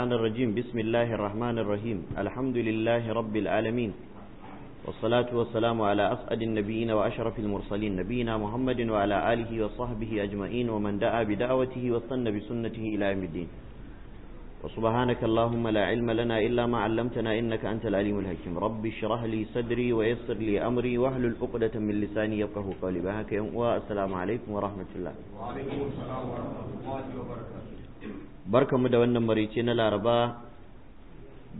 الرحمن الرجيم بسم الله الرحمن الرحيم الحمد لله رب العالمين والصلاة والسلام على أسعد النبيين وأشرف المرسلين نبينا محمد وعلى آله وصحبه أجمعين ومن دعا بدعوته واستنى بسنته إلى يوم الدين وسبحانك اللهم لا علم لنا إلا ما علمتنا إنك أنت العليم الحكيم رب اشرح لي صدري ويسر لي أمري وأهل عقدة من لساني يفقه قولي بهاك يوم والسلام عليكم ورحمة الله وعليكم السلام ورحمة الله وبركاته mu da wannan marice na laraba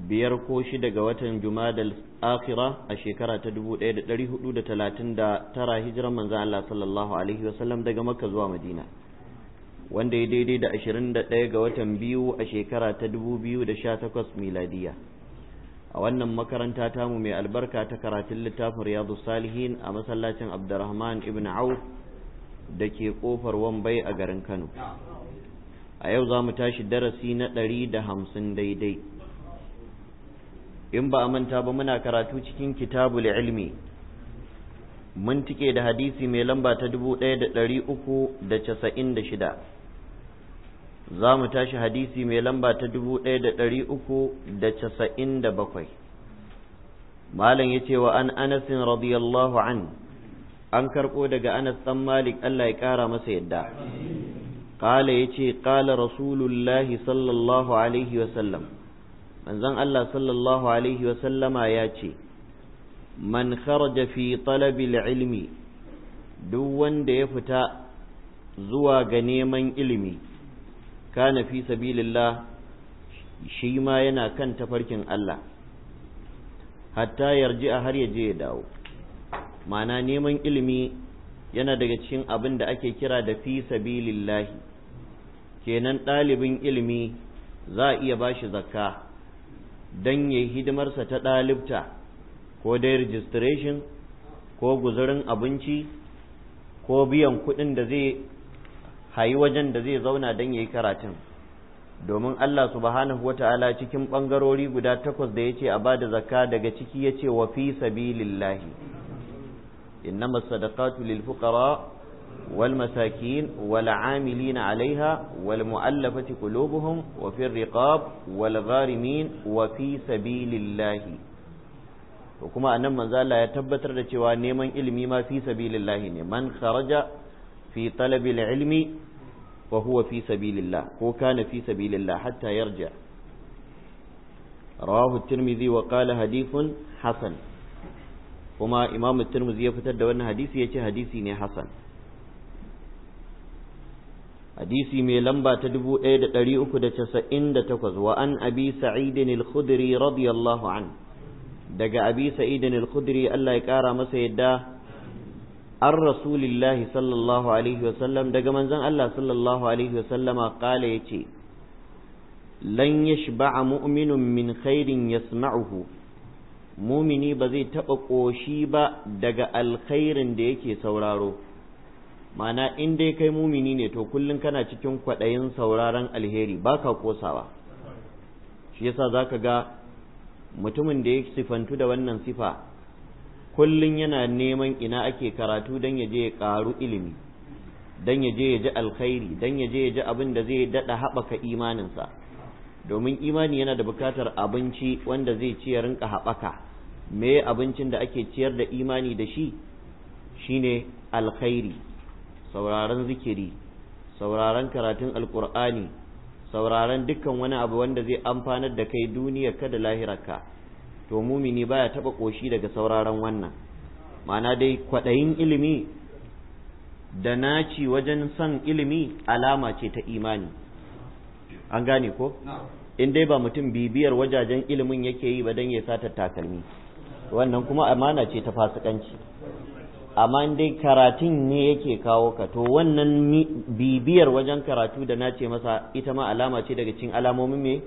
biyar ko shida ga watan jumadal akhira a shekara ta 1439 hijiran manzo Allah sallallahu alaihi wasallam daga makka zuwa madina wanda ya daidai da 21 ga watan biyu a shekara ta da sha 2018 miladiya a wannan makaranta ta mu mai albarka ta karatun littafin riyadu salihin a masallacin abdurrahman ibn auf da ke kofar wambai a garin kano a yau za mu tashi darasi na ɗari da hamsin daidai in ba a manta ba muna karatu cikin kitabul ilmi mun tike da hadisi mai lamba ta dubu ɗaya da ɗari uku da casa'in da shida za mu tashi hadisi mai lamba ta dubu ɗaya da ɗari uku da casa'in da bakwai malam ya ce wa an anasin radiyallahu an an karɓo daga anas ɗan malik allah ya ƙara masa yadda qala yace qala rasulullahi sallallahu alaihi wa sallam manzon Allah sallallahu alaihi wa sallama yace man kharaja fi talabil ilmi duk wanda ya fita zuwa ga neman ilimi kana fi sabilillah shi ma yana kan tafarkin Allah hatta yarji a har ya je ya dawo ma'ana neman ilimi yana daga cikin abin da ake kira da fi sabilillahi kenan ɗalibin ilimi za a iya ba shi zakka don ya hidimarsa ta ɗalibta ko dai registration ko guzurin abinci ko biyan kuɗin da zai hayi wajen da zai zauna don ya yi karatun domin Allah subhanahu wa ta'ala cikin ɓangarori guda takwas da ya ce a ba da zakka daga ciki ya ce wa fi Inna innama sadaqatu lil fuqara والمساكين والعاملين عليها والمؤلفة قلوبهم وفي الرقاب والغارمين وفي سبيل الله وكما أن من ذا لا يتبتر لتوا نيما علمي ما في سبيل الله من خرج في طلب العلم وهو في سبيل الله هو كان في سبيل الله حتى يرجع رواه الترمذي وقال حديث حسن وما إمام الترمذي يفتد وأن حديث يأتي حديثي حسن hadisi mai lamba ta 1398 wa an abi sa'idin al-khudri radiyallahu an daga abi sa'idin al-khudri Allah ya kara masa yadda an rasulillahi sallallahu alaihi wasallam daga manzon Allah sallallahu alaihi wasallama kala yace lan yashba'a mu'minun min khairin yasma'uhu mumini ba zai taɓa ƙoshi ba daga alkhairin da yake sauraro ma'ana in dai kai mumini ne to kullum kana cikin kwaɗayin sauraron alheri baka kosawa shi yasa zaka ga mutumin da ya sifantu da wannan sifa kullum yana neman ina ake karatu don ya je ya ƙaru ilimi don ya je ya ji alkhairi don ya je ya ji abin da zai daɗa haɓaka imaninsa domin imani yana da buƙatar abinci wanda zai ci ya rinka haɓaka me abincin da ake ciyar da imani da shi shine alkhairi sauraron zikiri sauraron karatun alkur'ani sauraron dukkan wani abu wanda zai amfanar da kai duniya kada da lahirarka to mumini baya taba koshi daga sauraron wannan ma'ana dai kwaɗayin ilimi da naci wajen son ilimi alama ce ta imani an gane ko in dai ba mutum bibiyar wajajen ilimin yake yi ba don ya sata takalmi wannan kuma amana ce ta fasikanci amma dai karatun ne yake kawo ka to wannan bibiyar wajen karatu da na ce masa ita ma alama ce daga cikin alamomin me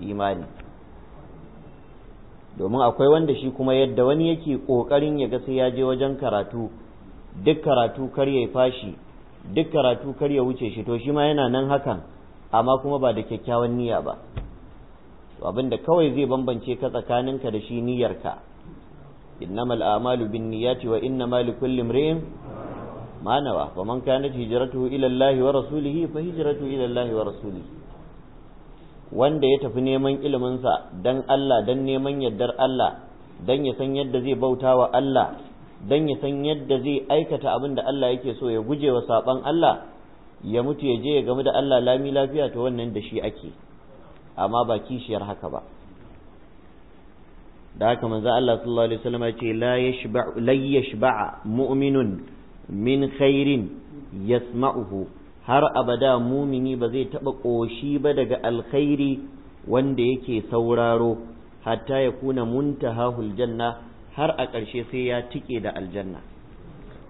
imani domin akwai wanda shi kuma yadda wani yake ƙoƙarin ya ga sai ya je wajen karatu duk karatu kar ya fashi duk karatu kar ya wuce shi to shi ma yana nan hakan amma kuma ba da kyakkyawan niyya ba abin da kawai zai bambance ka tsakaninka da shi niyyarka إنما الآمال بالنيات وإنما لكل امرئ ما نوى فمن كانت هجرته إلى الله ورسوله فهجرته إلى الله ورسوله wanda ya tafi neman iliminsa don Allah don neman yardar Allah don ya san yadda zai bauta wa Allah don ya san yadda zai aikata abin da Allah yake so ya guje wa saɓan Allah ya mutu ya je ya gamu da Allah lami lafiya ta wannan da shi ake amma ba kishiyar haka ba da haka manzo Allah sallallahu alaihi wasallam ya ce la yashba'u la yashba'a mu'minun min khairin yasma'uhu har abada mumini ba zai taba koshi ba daga alkhairi wanda yake sauraro hatta ya kuna muntahahul janna har a ƙarshe sai ya tike da aljanna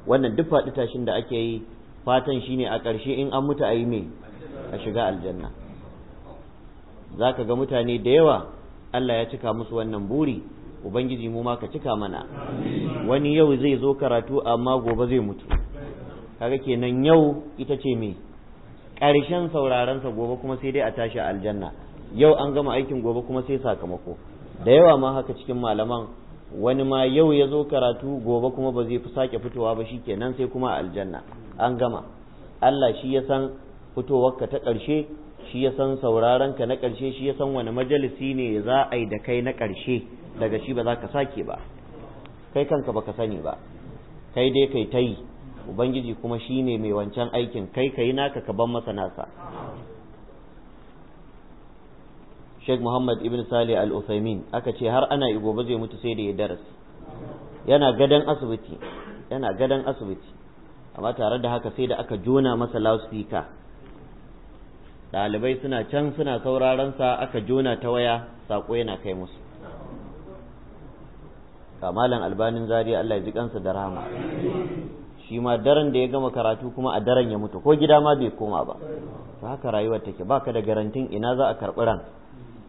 wannan duk faɗi tashin da ake yi fatan shine a ƙarshe in an mutu a yi me a shiga aljanna zaka ga mutane da yawa Allah ya cika musu wannan buri ubangiji mu ma ka cika mana wani yau zai zo karatu amma gobe zai mutu kaga kenan yau ita ce me ƙarshen sauraron gobe kuma sai dai a tashi aljanna yau an gama aikin gobe kuma sai sakamako da yawa ma haka cikin malaman wani ma yau ya zo karatu gobe kuma ba zai fi sake fitowa ba shikenan sai kuma aljanna an gama Allah shi ya san fitowarka ta ƙarshe shi ya san sauraron ka na ƙarshe shi ya san wani majalisi ne za a yi da kai na ƙarshe daga shi ba za ka sake ba kai kanka ka sani ba kai dai kai ta yi ubangiji kuma shi ne mai wancan aikin kai ka yi naka ka ban masa nasa Sheikh Muhammad Ibn Sali Al Uthaymin aka ce har ana yi gobe zai mutu sai da ya darasi yana gadan asibiti yana gadan asibiti amma tare da haka sai da aka jona masa loudspeaker ɗalibai suna can suna sauraron sa aka jona ta waya sako yana kai musu kamalan albanin zariya Allah ya ji kansa da rahama shi ma daren da ya gama karatu kuma a daren ya mutu ko gida ma bai koma ba to haka rayuwar take baka da garantin ina za a karɓi ran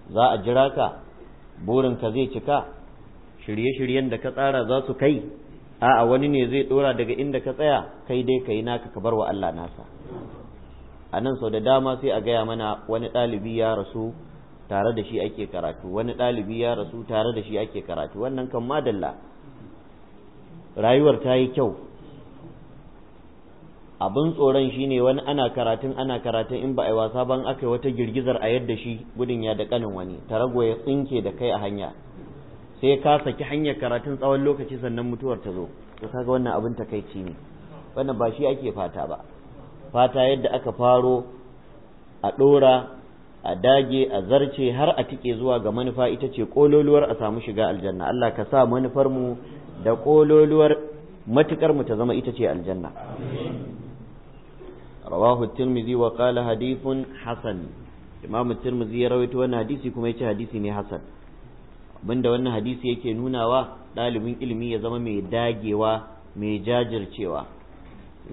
za a jira ka burin ka zai cika shirye-shiryen da ka tsara za su kai a'a wani ne zai ɗora daga inda ka tsaya kai dai kai naka ka bar wa Allah nasa a nan sau da dama sai a gaya mana wani ɗalibi ya rasu tare da shi ake karatu wani ɗalibi ya rasu tare da shi ake karatu wannan kan madalla rayuwar ta yi kyau abin tsoron shine wani ana karatun ana karatun in ba a yi wasa ban aka yi wata girgizar a yadda shi gudun ya da kanin wani tarago ya tsinke da kai a hanya sai ka saki hanyar karatun tsawon lokaci sannan mutuwar ta zo to kaga wannan abin takaici ne wannan ba shi ake fata ba fata yadda aka faro a ɗora a dage a zarce har a tike zuwa ga manufa ita ce ƙololuwar a samu shiga aljanna Allah ka sa manufar mu da ƙololuwar matukar mu ta zama ita ce aljanna rawahu tirmidhi wa qala hadithun hasan imamu tirmidhi ya rawaito wannan hadisi kuma yace hadisi ne hasan abinda wannan hadisi yake nunawa ɗalibin ilimi ya zama mai dagewa mai jajircewa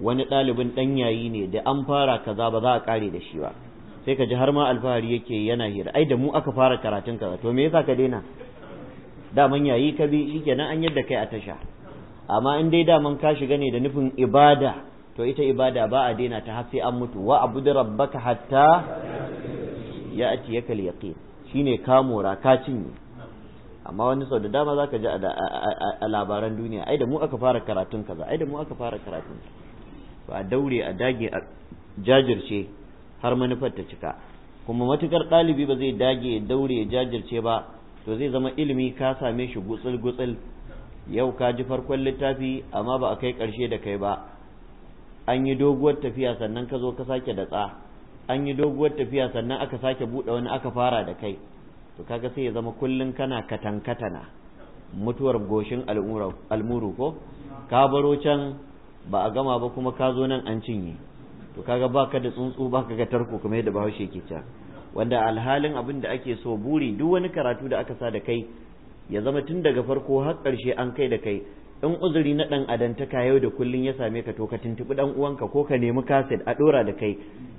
wani ɗalibin ɗan yayi ne da an fara kaza ba za a ƙare da shi ba sai ka ji har ma alfahari yake yana hira ai da mu aka fara karatun kaza to me yasa ka daina Da man yayi ka bi shikenan an yadda kai a tasha amma in dai daman ka shiga ne da nufin ibada to ita ibada ba a daina ta har sai an mutu wa abudu rabbaka hatta ya ati al-yaqin shine ka mora ka cinye amma wani sau da dama zaka ji a labaran duniya ai da mu aka fara karatun kaza ai da mu aka fara karatun kaza ba a daure a dage a jajirce har manufar ta cika kuma matukar ɗalibi ba zai dage ya daure ya jajirce ba to zai zama ilimi ka same shi gutsul gutsul yau ka ji farkon littafi amma ba a kai ƙarshe da kai ba an yi doguwar tafiya sannan ka zo ka sake datsa an yi doguwar tafiya sannan aka sake buɗe wani aka fara da kai to kaga sai ya zama kullum kana katankatana mutuwar goshin almuru ko ka baro can ba a gama ba kuma ka zo nan an cinye to kaga baka da tsuntsu baka ga tarko kamar yadda bahaushe ke cewa wanda alhalin abin da ake so buri duk wani karatu da aka sa da kai ya zama tun daga farko har ƙarshe an kai da kai in uzuri na ɗan adantaka yau da kullun ya same ka to ka tuntuɓi ɗan uwanka ko ka nemi kaset a ɗora da kai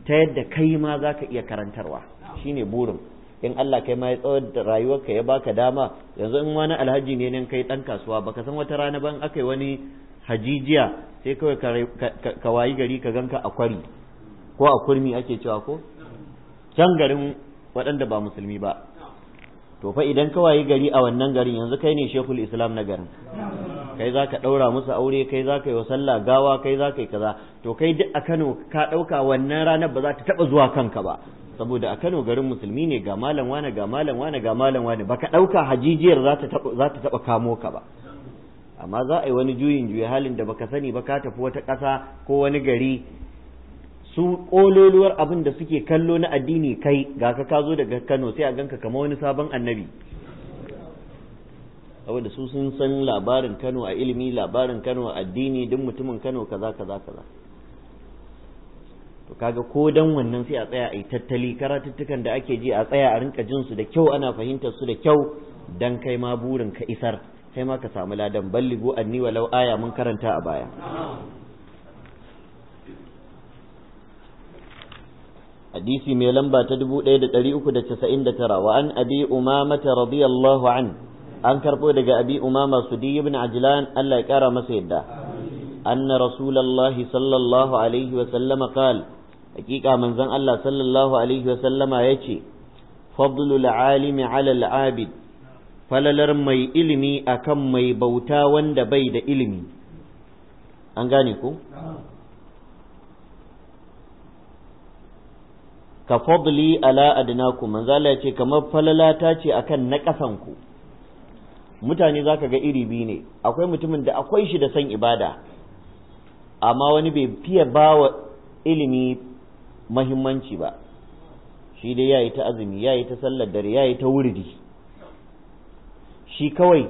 ta yadda kai ma za ka iya karantarwa shine burin in Allah kai ma ya tsawar da rayuwarka ya baka dama yanzu in wani alhaji ne nan kai ɗan kasuwa baka san wata rana ban aka yi wani hajijiya sai kawai ka wayi gari ka ganka a kwari ko a kurmi ake cewa ko can garin waɗanda ba musulmi ba to fa idan ka wayi gari a wannan garin yanzu kai ne shekul islam na garin kai za ka ɗaura musu aure kai za ka yi wa sallah gawa kai za ka yi kaza to kai duk a kano ka ɗauka wannan ranar ba za ta taɓa zuwa kanka ba saboda a kano garin musulmi ne ga malam wane ga malam wane ga malam wane baka ɗauka hajijiyar za ta taɓa kamo ka ba amma za a yi wani juyin juya halin da baka sani ba ka tafi wata ƙasa ko wani gari su ƙololuwar abin da suke kallo na addini kai ga ka ka zo daga Kano sai a ganka kama wani sabon annabi saboda su sun san labarin Kano a ilimi labarin Kano a addini duk mutumin Kano kaza kaza kaza to kaga ko dan wannan sai a tsaya a yi tattali karatuttukan da ake ji a tsaya a rinka jinsu da kyau ana fahimtar su da kyau dan kai ma burin ka isar kai ma ka samu ladan balligu anni walau aya mun karanta a baya hadisi mai lamba ta 1399 wa an abi umama radiyallahu an an karbo daga abi umama sudi ibn ajlan Allah ya kara masa yadda anna rasulullahi sallallahu alaihi wa sallama qala hakika manzon Allah sallallahu alaihi wa sallama yace fadlul alimi ala al abid falalar mai ilimi akan mai bauta wanda bai da ilimi an gane ku ka fadli ala adnaku manzala ce kamar ta ce akan na ku mutane zaka ga iri biyu ne akwai mutumin da akwai shi da san ibada amma wani bai fiye bawa ilimi mahimmanci ba shi dai ya yi ta azumi ya yi ta sallar dare ya yi ta wurdi shi kawai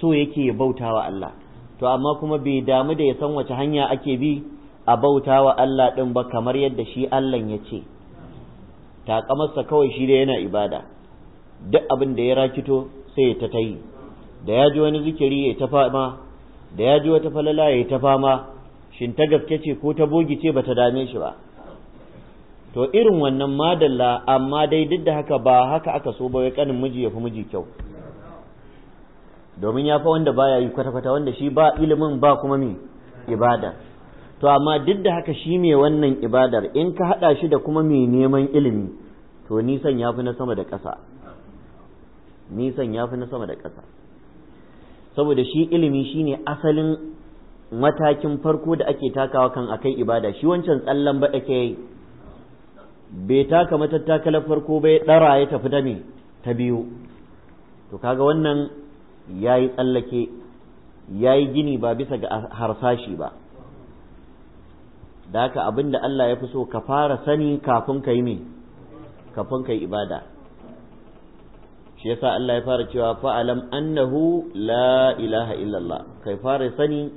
so yake bautawa Allah to amma kuma bai damu da ya san wace hanya ake bi a bautawa Allah ɗin ba kamar yadda shi Allah ya ce takamarsa kawai shi da yana ibada duk abin da ya rakito sai ya tatayi. ta da ya ji wani zikiri ya ta fama da ya ji wata falala ya ta fama shin ta gaske ce ko ta bogi ce ba ta dame shi ba to irin wannan madalla amma dai duk da haka ba haka aka so ba wai kanin miji ya fi miji kyau domin ya fa wanda baya yi kwata-kwata wanda shi ba ilimin ba kuma mi ibada to amma duk da haka shi mai wannan ibadar in ka haɗa shi da kuma mai neman ilimi to nisan ya fi na sama da ƙasa nisan ya fi na sama da ƙasa saboda shi ilimi shi ne asalin matakin farko da ake takawa kan akai ibada shi wancan tsallan ba ake yi bai taka matattakalar farko bai ɗara ya tafi da me ta biyu to kaga wannan ya yi tsallake ya yi gini ba bisa ga harsashi ba da haka abin da Allah ya fi so ka fara sani kafin ka yi me kafin ka yi ibada shi yasa Allah ya fara cewa fa'alam annahu la ilaha illallah kai fara sani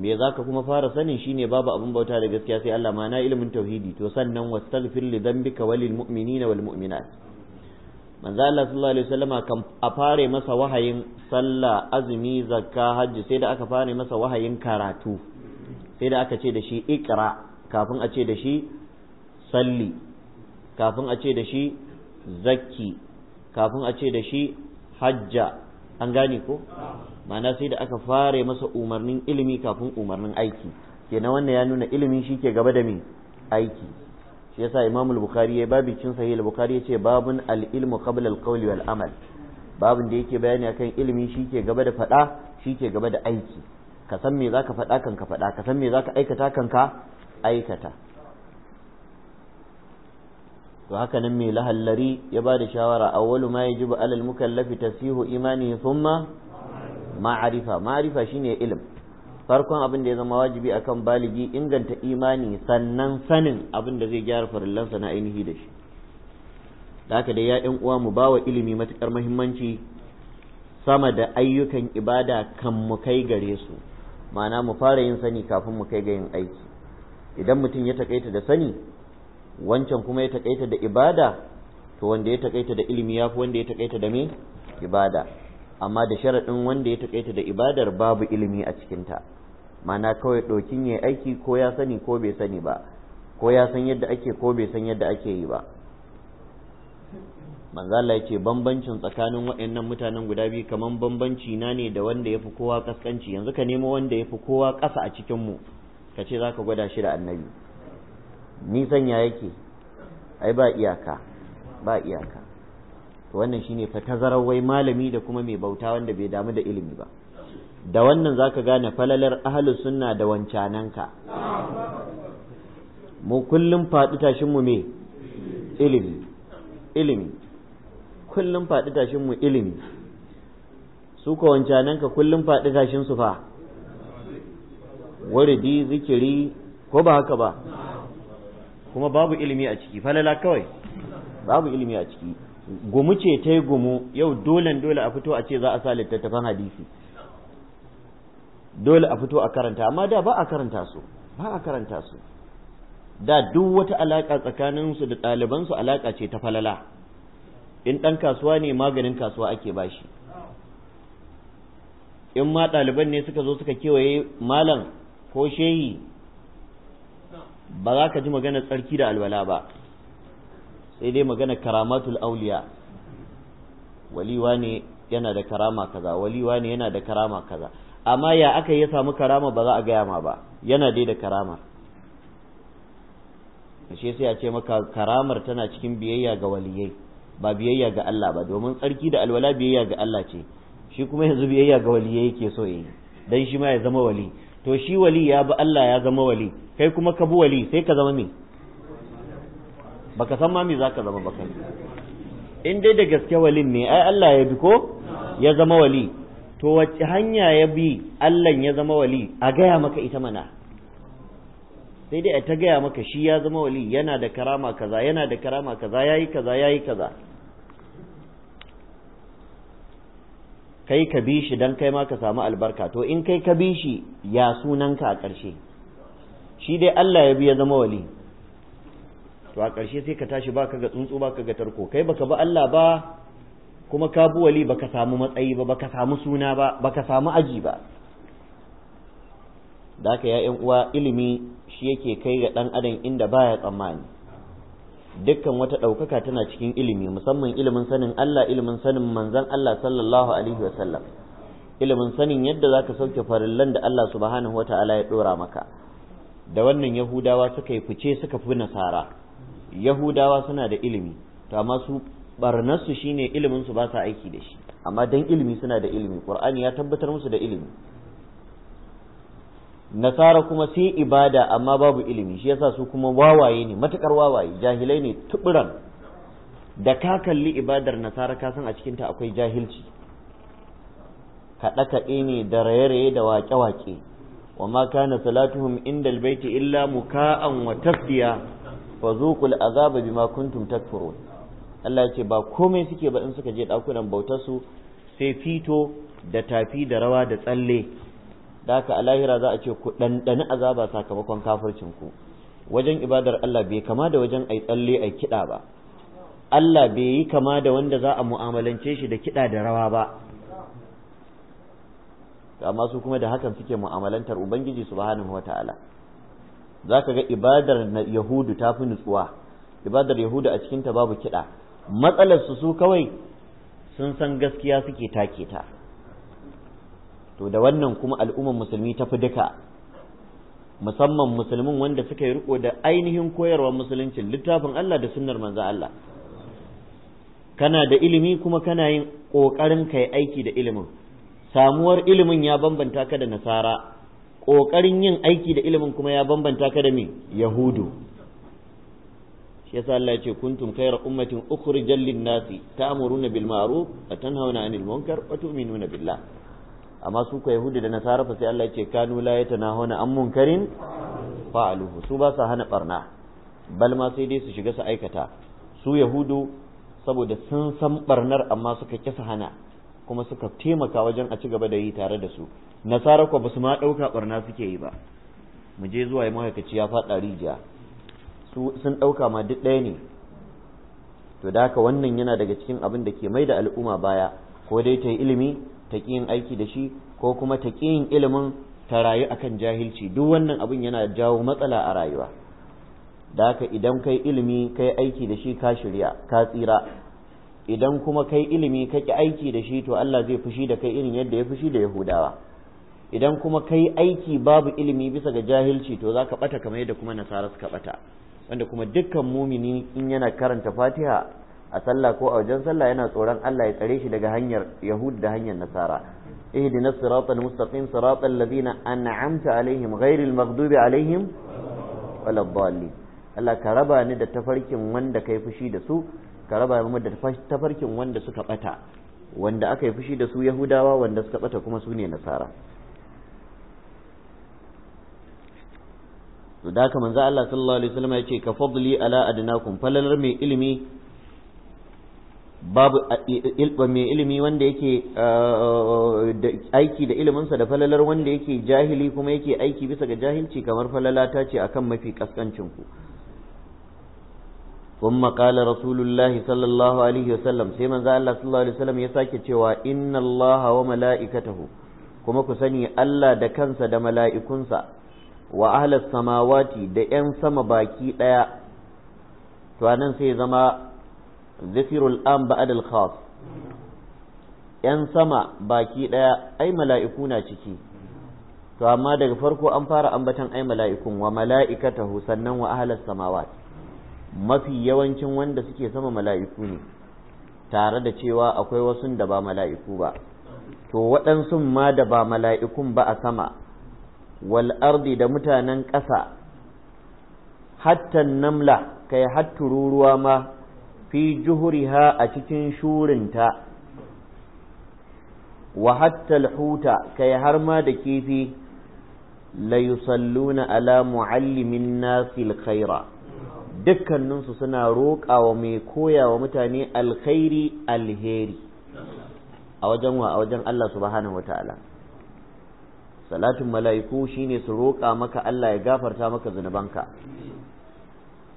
me za ka kuma fara sanin shine babu abin bauta da gaskiya sai Allah ma na ilimin tauhidi to sannan wastaghfir li dhanbika walil mu'minina wal mu'minat manzo Allah sallallahu alaihi wasallam kan a fare masa wahayin sallah azumi zakka hajji sai da aka fare masa wahayin karatu sai da aka ce da shi iqra kafin a ce da shi salli kafin a ce da shi zakki kafin a ce da shi hajja an gane ko ma'ana sai da aka fare masa umarnin ilimi kafin umarnin aiki kenan wannan ya nuna ilimi shi ke gaba da me aiki shi yasa Imam al-Bukhari ya babi cin sahih al-Bukhari yace babun al-ilmu qabla al-qawli wal amal babun da yake bayani akan ilimi shike gaba da fada shike gaba da aiki ka san me zaka fada kan ka fada ka san me zaka aikata kan ka aikata to haka nan mai lahallari ya ba da shawara awwalu ma yajibu alal mukallafi tasihu imani thumma ma'rifa ma'rifa shine ilmi farkon abin da ya zama wajibi akan baligi inganta imani sannan sanin abin da zai gyara farillansa na ainihi da shi da haka dai ya ɗan uwa mu bawa ilimi matuƙar muhimmanci sama da ayyukan ibada kan mu kai gare su ma'ana mu fara yin sani kafin mu kai ga yin aiki idan mutum ya taƙaita da sani wancan kuma ya taƙaita da ibada to wanda ya taƙaita da ilimi ya fi wanda ya taƙaita da me ibada amma da sharaɗin wanda ya taƙaita da ibadar babu ilimi a cikinta mana kawai ɗokin ya aiki ko ya sani ko bai sani ba ko ya san yadda ake ko bai san yadda ake yi ba manzala ya ce bambancin tsakanin waɗannan mutanen guda biyu kamar bambanci na ne da wanda ya fi kowa kaskanci yanzu ka nemo wanda ya fi kowa ƙasa a cikinmu ka ce za ka gwada shi da annabi nisan ya yake ai ba iyaka ba iyaka to wannan shine fa tazarar wai malami da kuma mai bauta wanda bai damu da ilimi ba da wannan zaka gane falalar ahlus sunna da wancananka mu kullum faɗi tashin mu me ilimi ilimi kullum faɗi tashin mu ilimi su ka wancananka kullum faɗi tashin su fa waridi zikiri ko ba haka ba kuma babu ilimi a ciki falala kawai babu ilimi a ciki gumu ce ta gumu yau dolen dole a fito a ce za a sa littattafan hadisi dole a fito a karanta amma da ba a karanta su ba a karanta su da duk wata alaƙa tsakaninsu da ɗalibansu alaƙa ce ta falala in ɗan kasuwa ne maganin kasuwa ake bashi in ma ɗaliban ne suka zo suka kewaye malam ko shehi ba za ka ji magana tsarki da alwala ba sai dai magana karamatul auliya waliwa ne yana da karama kaza waliwa ne yana da karama kaza amma ya aka yi samu karama ba za a gaya ma ba yana dai da karamar ashe sai a ce maka karamar tana cikin biyayya ga waliyai ba biyayya ga Allah ba domin tsarki da alwala biyayya ga Allah ce shi kuma yanzu biyayya ga waliyai yake so yi dan shi ma ya zama wali to shi wali ya bi Allah ya zama wali kai kuma ka bi wali sai ka zama me baka san ma me zaka zama ba kai in dai da gaske walin ne ai Allah ya bi ko ya zama wali to wacce hanya ya bi Allah ya zama wali a gaya maka ita mana sai dai a ta gaya maka shi ya zama wali yana da karama kaza yana da karama kaza yayi kaza yayi kaza kai ka bi shi don kai ma ka samu albarka to in kai ka bi shi ya sunanka a ƙarshe shi dai Allah ya bi ya zama wali to a ƙarshe sai ka tashi baka ga tsuntsu baka ga tarko kai baka ba Allah ba kuma ka bi wali baka samu matsayi ba baka samu suna ba baka samu aji ba da haka ya uwa ilimi shi yake kai ga ɗan adam inda baya tsammani dukkan wata ɗaukaka tana cikin ilimi musamman ilimin sanin Allah ilimin sanin manzon Allah sallallahu alaihi wa sallam ilimin sanin yadda zaka sauke farillan da Allah subhanahu wata'ala ya ɗora maka da wannan yahudawa suka yi fice suka fi nasara yahudawa suna da ilimi to amma su barnarsu shine ilimin su ba sa aiki da shi amma dan ilimi suna da ilimi qur'ani ya tabbatar musu da ilimi nasara kuma sai ibada amma babu ilimi shi yasa su kuma wawaye ne matukar wawaye jahilai ne tuburan da ka kalli ibadar nasara ka san a cikin ta akwai jahilci kaɗe kaɗe ne da raye-raye da wake waƙe wa ma kana salatuhum inda albayti illa muka'an wa tasdiya fa zuqul azaba bima kuntum takfurun Allah ya ce ba komai suke ba in suka je ɗakunan su sai fito da tafi da rawa da tsalle da haka a lahira za a ce ku ɗanɗani azaba sakamakon kafircin ku wajen ibadar Allah bai kama da wajen ai tsalle ai kiɗa ba Allah bai yi kama da wanda za a mu'amalance shi da kiɗa da rawa ba amma su kuma da hakan suke mu'amalantar ubangiji subhanahu wataala zaka ga ibadar yahudu ta fi nutsuwa ibadar yahudu a cikinta babu kiɗa matsalarsu su kawai sun san gaskiya suke take ta to da wannan kuma al'ummar musulmi ta fi duka musamman musulmin wanda suka yi riko da ainihin koyarwar musuluncin littafin Allah da sunnar manzo Allah kana da ilimi kuma kana yin ƙoƙarin kai aiki da ilimin samuwar ilimin ya bambanta ka da nasara ƙoƙarin yin aiki da ilimin kuma ya bambanta ka da mi yahudu yasa Allah ya ce kuntum khayra ummatin ukhrijal lin-nasi ta'muruna bil ma'ruf wa tanhauna 'anil munkar wa tu'minuna billah amma su ko yahudi da nasara fa sai Allah ya ce kanu la yatanahuna an munkarin fa'aluhu su ba sa hana barna bal ma sai dai su shiga su aikata su yahudu saboda sun san barnar amma suka kisa hana kuma suka taimaka wajen a ci gaba da yi tare da su nasara ko ba su ma ɗauka barna suke yi ba mu je zuwa yi mahaikaci ya faɗa rijiya sun ɗauka ma duk ɗaya ne to da haka wannan yana daga cikin abin da ke mai da al'umma baya ko dai ta yi ilimi ta ƙi yin aiki da shi ko kuma ta ƙi yin ilimin ta rayu a kan jahilci duk wannan abin yana jawo matsala a rayuwa da haka idan kai ilimi kai aiki da shi ka shirya ka tsira idan kuma kai ilimi ka ƙi aiki da shi to Allah zai fushi da kai irin yadda ya fushi da Yahudawa idan kuma kai aiki babu ilimi bisa ga jahilci to za ka ɓata kamar yadda kuma nasara suka ɓata wanda kuma dukkan mumini in yana karanta fatiha a sallah ko a wajen sallah yana tsoron Allah ya tsare shi daga hanyar yahud da hanyar nasara ihdina siratal mustaqim siratal ladina an'amta alaihim ghairil maghdubi alaihim waladdallin Allah ka raba ni da tafarkin wanda kai fushi da su ka raba mu da tafarkin wanda suka bata wanda aka yi fushi da su yahudawa wanda suka bata kuma su ne nasara to da haka manzo Allah sallallahu alaihi wasallam yake ka fadli ala adnakum falalar mai ilimi babu mai ilimi wanda yake aiki da iliminsa da falalar wanda yake jahili kuma yake aiki bisa ga jahilci kamar falala ta ce akan mafi kaskancin ku ثم قال رسول الله صلى الله عليه وسلم سيما ذا الله صلى الله عليه وسلم يساكي cewa إن الله وملائكته kuma ku sani Allah da kansa da mala'ikunsa wa ahlas samawati da 'yan sama baki ɗaya to anan sai zama zikirul am ba'adal khas 'yan sama baki ɗaya ai mala'iku na ciki to amma daga farko an fara ambatan ai mala'ikun wa mala'ikatahu sannan wa ahlas samawat mafi yawancin wanda suke sama mala'iku ne tare da cewa akwai wasu da ba mala'iku ba to waɗansu ma da ba mala'ikun ba a sama wal ardi da mutanen ƙasa hattan namla kai tururuwa ma fi juhuriha a cikin shurinta wa hatta huta kai har ma da kifi la yusalluna ala muallimin nasil khaira dukkaninsu suna wa mai koyawa mutane alkhairi alheri a wajen wa a wajen Allah subhanahu wataala salatin mala'iku shine su roƙa maka Allah ya gafarta maka zunubanka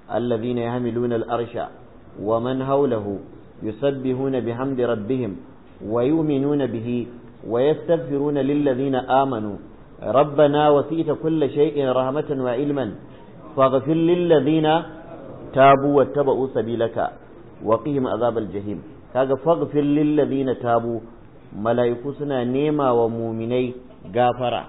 allazina yahmiluna al-arsha wa man hawlahu yusabbihuna bihamdi rabbihim wa yu'minuna bihi wa yastaghfiruna lillazina amanu ربنا وسئت كل شيء رحمة وعلما فاغفر للذين تابوا واتبعوا سبيلك وقهم azabal jahim kaga faghfir lil tabu malaiku suna nema wa muminai gafara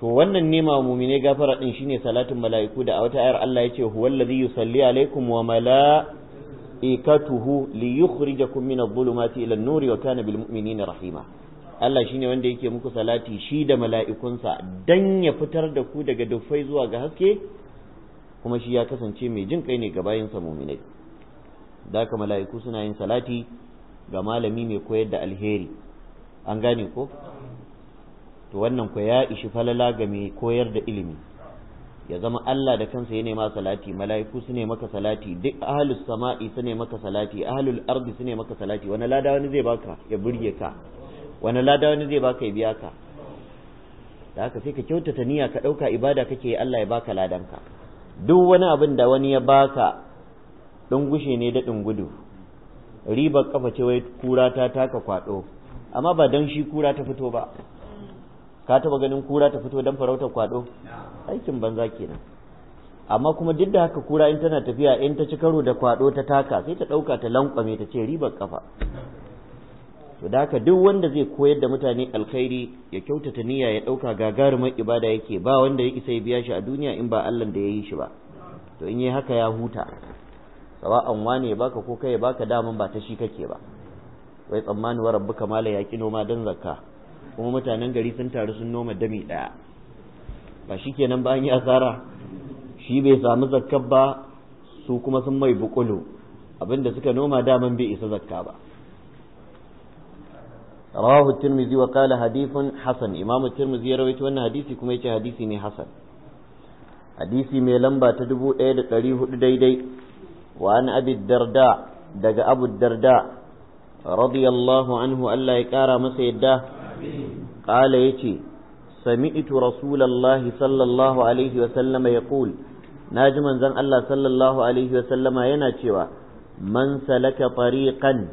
to wannan nema mumine gafara din shine salatin mala'iku da a wata ayar Allah huwal ladhi yusalli alaikum wa mala'ikatuhu yukhrijakum min adh-dhulumati ila an-nuri wa kana bil mu'minina rahima Allah shine wanda yake muku salati shi da mala'ikunsa dan ya fitar da ku daga dufai zuwa ga haske kuma shi ya kasance mai jin kai ne ga sa muminai da ka mala'iku suna yin salati ga malami mai koyar da alheri an gane ko to wannan ku ya ishi falala ga mai koyar da ilimi ya zama Allah da kansa ya nema salati mala'iku su ne maka salati duk ahlus sama'i su ne maka salati ahlul ardi su ne maka salati wani lada wani zai baka ya burge ka wani lada wani zai baka ya biya ka da haka sai ka kyautata niyya ka ɗauka ibada kake Allah ya baka ladan ka duk wani abin da wani ya baka dungushe ne da gudu ribar kafa ce wai kura ta taka kwaɗo amma ba don shi kura ta fito ba ka taba ganin kura ta fito don farautar kwado aikin banza kenan amma kuma duk da haka kura in tana tafiya in ta ci karo da kwado ta taka sai ta ɗauka ta lankwame ta ce ribar kafa to da haka duk wanda zai koyar da mutane alkhairi ya kyautata niyya ya ɗauka gagarumar ibada yake ba wanda ya isa ya biya shi a duniya in ba Allah da ya yi shi ba to in yi haka ya huta sawa'an wane ya baka ko kai ya baka daman ba ta shi kake ba wai tsammani wa rabbuka ya yaqi noma don zakka kuma mutanen gari sun taru sun noma dami ɗaya ba shi kenan ba an yi asara shi bai sami zakka ba su kuma sun mai bukulu abinda suka noma daman bai isa zakka ba wa الترمذي hadifin Hassan imamu tirmizi ya rawaito wannan hadisi kuma yace hadisi ne Hassan hadisi mai lamba ta dubu da hudu daidai wa an abi darda daga abu darda radiyallahu anhu Allah ya kara masa yadda qala yace sami'tu rasulullahi sallallahu alaihi wa sallama yaqul naji manzon Allah sallallahu alaihi wa sallama yana cewa man salaka tariqan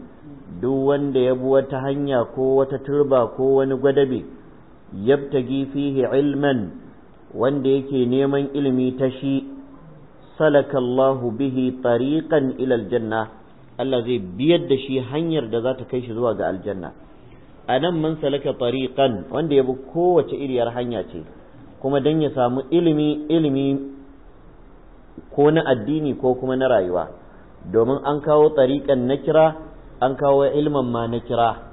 duk wanda ya bi wata hanya ko wata turba ko wani gwadabe yabtagi fihi ilman wanda yake neman ilimi ta shi salakallahu bihi tariqan ilal janna Allah zai biyar da shi hanyar da za ta kai shi zuwa ga aljanna a nan man salaka tariqan wanda ya bi kowace iriyar hanya ce kuma dan ya samu ilimi ilimi ko na addini ko kuma na rayuwa domin an kawo tariqan na kira an kawo ilman ma na kira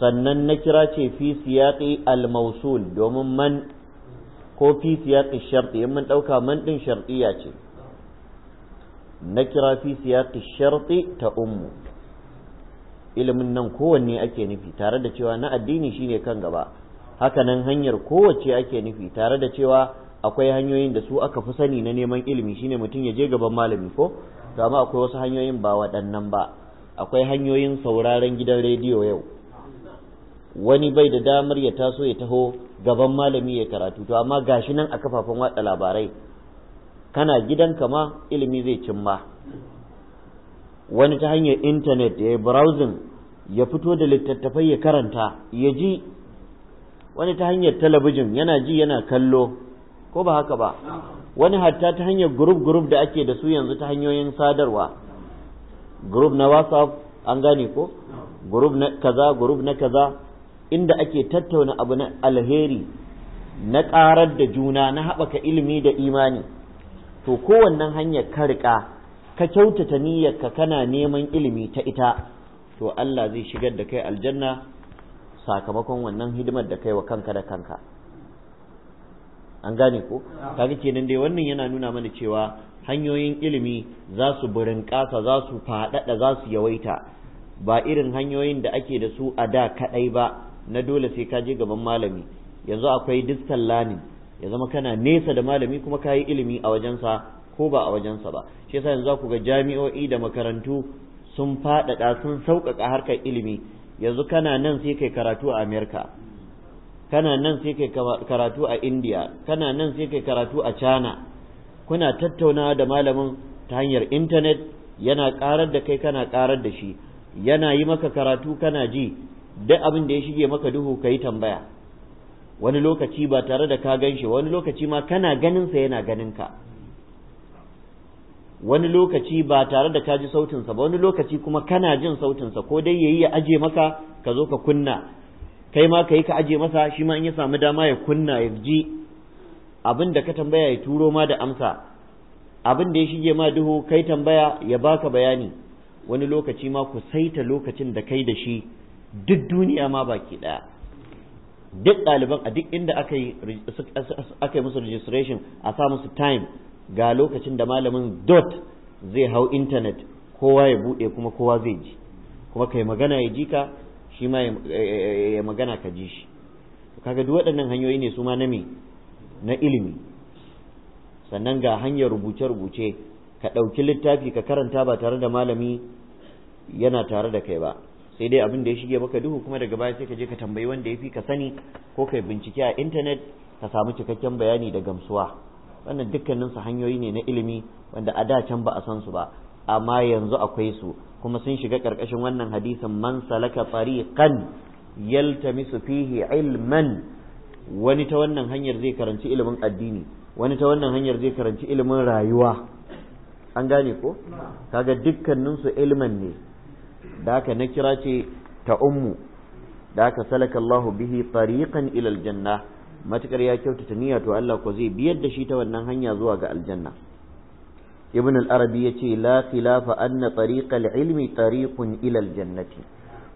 sannan na kira ce fi siyaqi al-mawsul domin man ko fi siyaqi sharti in mun dauka man din shartiya ce na kira fi siyaqi sharti ta ummu ilimin nan kowanne ake nufi tare da cewa na addini shine kan gaba hakanan hanyar kowace ake nufi tare da cewa akwai hanyoyin da su aka fi sani na neman ilimi shine mutum ya je gaban malami ko to amma akwai wasu hanyoyin ba waɗannan ba akwai hanyoyin sauraron gidan rediyo yau wani bai da damar ya taso ya taho gaban malami ya karatu to amma gashi nan a kafafen watsa labarai kana gidanka ma ilimi zai cimma wani ta hanyar intanet ya yi browsing ya fito da littattafai ya karanta ya ji wani ta hanyar talabijin yana ji yana kallo ko ba haka ba wani hatta ta hanyar group group da ake da su yanzu ta hanyoyin sadarwa group na whatsapp an gane ko group na kaza group na kaza inda ake tattauna abu na alheri na ƙarar da juna na haɓaka ilimi da imani to kowannen hanyar ka riƙa ka kyautata niyyarka kana neman ilimi ta ita to Allah zai shigar da kai aljanna sakamakon wannan hidimar da kai wa kanka da kanka an gane ko kaga kenan dai wannan yana nuna mana cewa hanyoyin ilimi za su burinƙasa za su faɗaɗa za su yawaita ba irin hanyoyin da ake da su a da kaɗai ba na dole sai ka je gaban malami yanzu akwai distal learning ya zama kana nesa da malami kuma ka yi ilimi a wajensa ko ba a wajensa ba shi yasa yanzu za ku ga jami'o'i da makarantu sun faɗaɗa sun sauƙaƙa harkar ilimi yanzu kana nan sai kai karatu a amerika kana nan sai kai karatu a india kana nan sai kai karatu a china kuna tattaunawa da malamin ta hanyar intanet yana karar da kai kana karar da shi yana yi maka karatu kana ji duk abin da ya shige maka duhu ka yi tambaya wani lokaci ba tare da ka gan shi wani lokaci ma kana ganinsa yana ganin ka wani lokaci ba tare da ka ji sautinsa ba wani lokaci kuma kana jin sautinsa ko dai yayi ya aje maka ka zo ka kunna kai ma ka yi ka aje masa shi ma in ya samu dama ya kunna ya ji abin da ka tambaya ya turo ma da amsa abin da ya shige ma duhu kai tambaya ya baka bayani wani lokaci ma ku saita lokacin da kai da shi duk duniya ma baki ɗaya duk ɗaliban a duk inda aka yi musu registration a sa musu time ga lokacin da malamin dot zai hau intanet kowa ya buɗe kuma kowa zai ji kuma ka yi magana ya ji ka shi ma ya magana ka ji shi kaga duk waɗannan hanyoyi ne su ma na ilimi sannan ga hanyar rubuce-rubuce ka ɗauki littafi ka karanta ba tare da malami yana tare da kai ba sai dai abin da ya shige maka duhu kuma daga baya sai ka je ka tambayi wanda ya fi ka sani ko kai bincike a intanet ka samu cikakken bayani da gamsuwa wannan dukkaninsu hanyoyi ne na ilimi wanda a da can ba a san su ba amma yanzu akwai su kuma sun shiga karkashin wannan hadisin man salaka fariqan yaltamisu fihi ilman wani ta wannan hanyar zai karanci ilimin addini wani ta wannan hanyar zai karanci ilimin rayuwa an gane ko kaga dukkaninsu ilman ne da na kira ce ta ummu da haka salaka Allahu bihi tariqan ila aljanna matukar ya kyautata niyya to Allah ko zai biyar da shi ta wannan hanya zuwa ga aljanna ibn al-arabi yace la khilafa anna tariqa al-ilmi tariqun ila al-jannati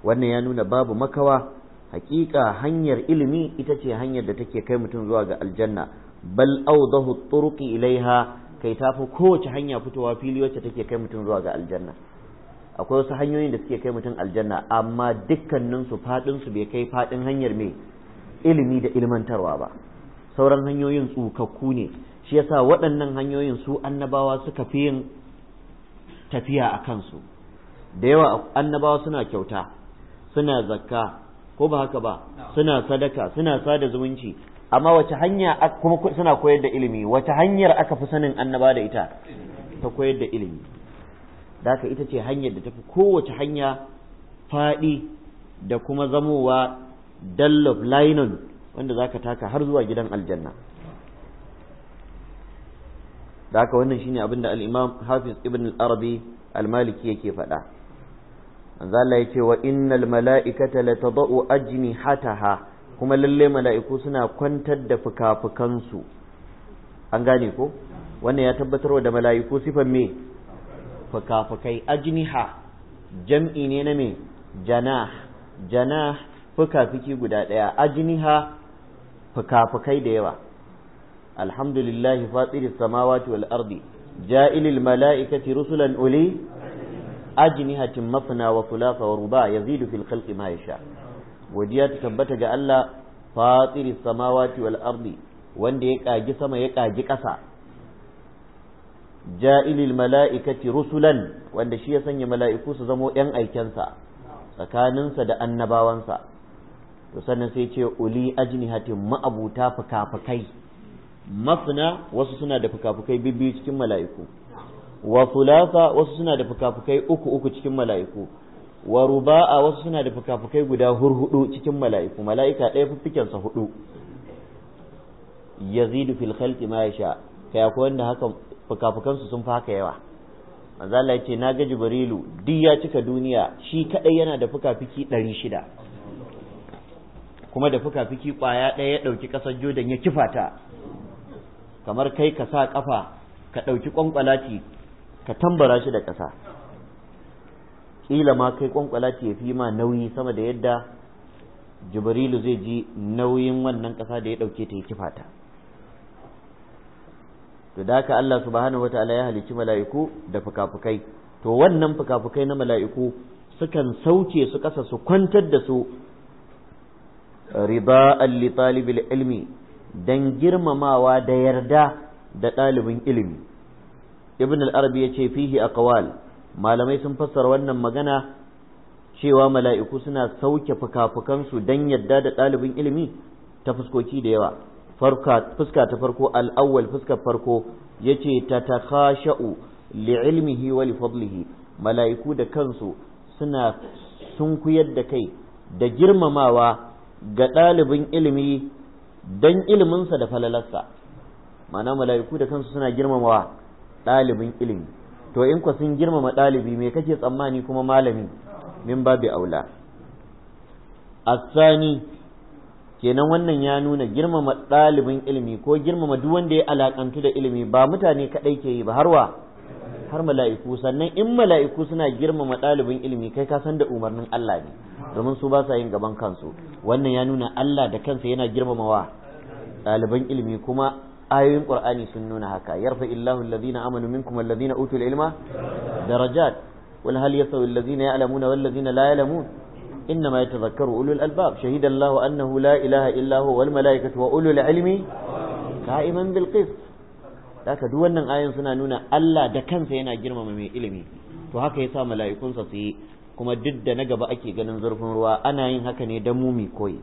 wannan ya nuna babu makawa hakika hanyar ilimi ita ce hanyar da take kai mutum zuwa ga aljanna bal awdahu at-turuqi ilaiha kai tafi kowace hanya fitowa fili wacce take kai mutum zuwa ga aljanna akwai wasu hanyoyin da suke kai mutum aljanna amma dukkanin su fadin su bai kai fadin hanyar mai ilimi da ilmantarwa ba sauran hanyoyin tsukakku ne shi yasa waɗannan hanyoyin su annabawa suka fi yin tafiya a kansu da yawa annabawa suna kyauta suna zakka ko ba haka ba suna sadaka suna sada zumunci amma wace hanya kuma suna koyar da ilimi wata hanyar aka fi sanin annaba da ita ta koyar da ilimi da haka ita ce hanyar da tafi kowace hanya faɗi da kuma zamowa dallof linon wanda za ka taka har zuwa gidan aljanna da haka wannan shine abin da alimam hafiz ibn alarabi al-maliki yake faɗa manzo ya ce wa innal mala'ikata ajini hataha kuma lalle mala'iku suna kwantar da fuka-fukansu an gane ko wannan ya tabbatarwa da mala'iku sifan me fukafukai ajniha jam'i ne na me janah janah fuka-fuki guda ɗaya ajniha fuka-fukai da yawa alhamdulillahi fatiris samawati wal ardi ja'ilil mala'ikati rusulan uli ajnihatin mafina wa fulafa wa ruba yazidu fil khalqi ma yasha godiya ta tabbata ga Allah fatiris samawati wal ardi wanda ya kagi sama ya kagi ƙasa ja'ilil mala'ikati rusulan wanda shi ya sanya mala'iku su zamo ‘yan aikensa tsakaninsa da annabawansa to sannan sai ce uli ajnihatin ma'abuta fukafukai mafna wasu suna da fukafukai bibbi cikin mala'iku wa thulatha wasu suna da fukafukai uku uku cikin mala'iku wa ruba'a wasu suna da fukafukai guda hurhudu cikin mala'iku mala'ika ɗaya fiffikensa hudu yazidu fil khalqi ma yasha kai akwai wanda haka fukafukansu sun faka yawa manzo Allah yace na ga Jibrilu duk ya cika duniya shi kadai yana da fukafiki 600 kuma da fukafiki kwaya ɗaya ya ɗauki kasar Jordan ya kifata kamar kai ka sa ƙafa ka ɗauki ƙwanƙwalati ka tambara shi da ƙasa ƙila ma kai ƙwanƙwalati ya fi ma nauyi sama da yadda Jibrilu zai ji nauyin wannan ƙasa da ya ɗauke ta ya kifata to da haka Allah subhanahu wataala ya halici mala'iku da fukafukai to wannan fukafukai na mala'iku sukan sauke su kasa su kwantar da su eh, riba li talibil ilmi dan girmamawa da yarda da ɗalibin ilimi ibn al-arabi ce, fihi aqwal malamai sun fassara wannan magana cewa mala'iku suna sauke fukafukansu dan yarda da ɗalibin ilimi ta fuskoki da yawa fuska ta farko al'awwal fuska farko yace sha'u li'ilmihi wa li fadlihi mala'iku da kansu suna kuyar da kai da girmamawa ga ɗalibin ilimi don iliminsa da falalarsa mana mala'iku da kansu suna girmamawa ɗalibin ilimi to in ku sun girmama ɗalibi me kake tsammani kuma malami min babu aula الثاني kenan wannan ya nuna girmama ɗalibin ilimi ko girmama duk wanda ya alakantu da ilimi ba mutane kaɗai ke yi ba harwa har mala'iku sannan in mala'iku suna girmama ɗalibin ilimi kai ka san da umarnin Allah ne domin su ba sa yin gaban kansu wannan ya nuna Allah da kansa yana girmamawa ɗaliban ilimi kuma ayoyin qur'ani sun nuna haka yarfa illahu alladhina amanu minkum alladhina utul ilma darajat wal hal yasawi alladhina ya'lamuna wal ladhina la ya'lamun إنما يتذكر أولو الألباب شهد الله أنه لا إله إلا هو والملائكة وأولو العلم قائما بالقسط haka duk wannan ayan suna nuna Allah da kansa yana girmama mai ilimi to haka yasa mala'ikunsa su kuma duk da na gaba ake ganin zurfin ruwa ana yin haka ne da mumi koyi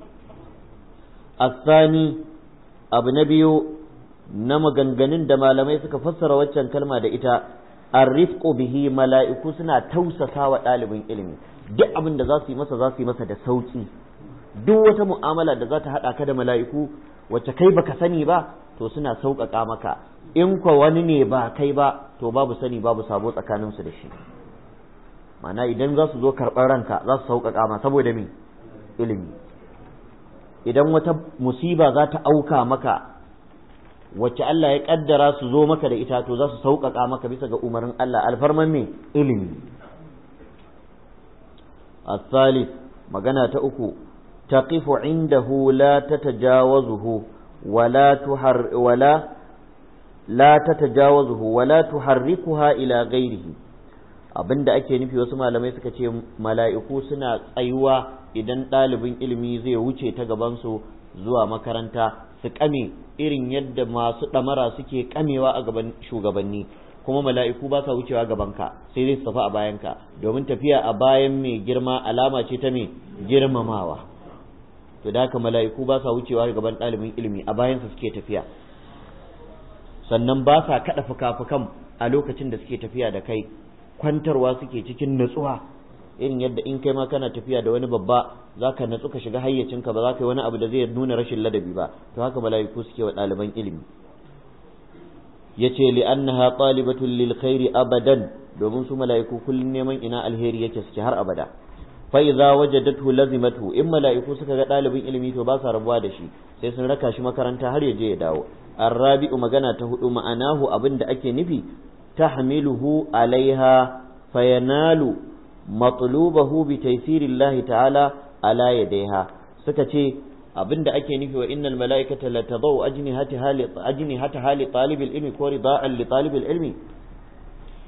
asani abu na biyu na maganganun da malamai suka fassara waccan kalma da ita arrifqu bihi mala'iku suna tausasa wa ɗalibin ilimi duk abin da za su yi masa za su yi masa da sauki duk wata mu'amala da za ta haɗa ka da mala'iku wacce kai baka sani ba to suna sauƙaƙa maka in kwa wani ne ba kai ba to babu sani babu sabo tsakaninsu da shi ma'ana idan za su zo karɓar ranka za su sauƙaƙa ma saboda me ilimi idan wata musiba za ta auka maka wacce Allah ya ƙaddara su zo maka da ita to za su sauƙaƙa maka bisa ga umarnin Allah alfarman me ilimi الثالث مغنى تأكو تقف عنده لا تتجاوزه ولا تحر ولا لا تتجاوزه ولا تحركها إلى غيره abinda ake nufi wasu malamai suka ce mala'iku suna tsayuwa idan ɗalibin ilimi zai wuce ta gabansu zuwa makaranta su kame irin yadda masu ɗamara suke kamewa a gaban shugabanni kuma mala'iku ba sa wucewa gaban ka sai zai su tafi a bayan ka domin tafiya a bayan mai girma alama ce ta mai girmamawa to da haka mala'iku ba sa wucewa gaban ɗalibin ilimi a bayan sa suke tafiya sannan ba sa kada fuka-fukan a lokacin da suke tafiya da kai kwantarwa suke cikin natsuwa irin yadda in kai ma kana tafiya da wani babba za ka natsu ka shiga hayyacinka ba za ka yi wani abu da zai nuna rashin ladabi ba to haka mala'iku suke wa ɗaliban ilimi yace li'annaha talibatun lil khairi abadan domin su mala'iku kullun neman ina alheri yake suke har abada fa idza wajadatu lazimatu in mala'iku suka ga ɗalibin ilimi to ba sa rabuwa da shi sai sun raka shi makaranta har ya je ya dawo arrabi'u magana ta hudu ma'anahu abin da ake nufi tahmiluhu alaiha fayanalu matlubahu bi ta'ala ala yadaiha suka ce Abin da ake nufi wa innal mala'ikata la tadau ajnihata hali hata hali talibil ilmi ko rida'an li talibil ilmi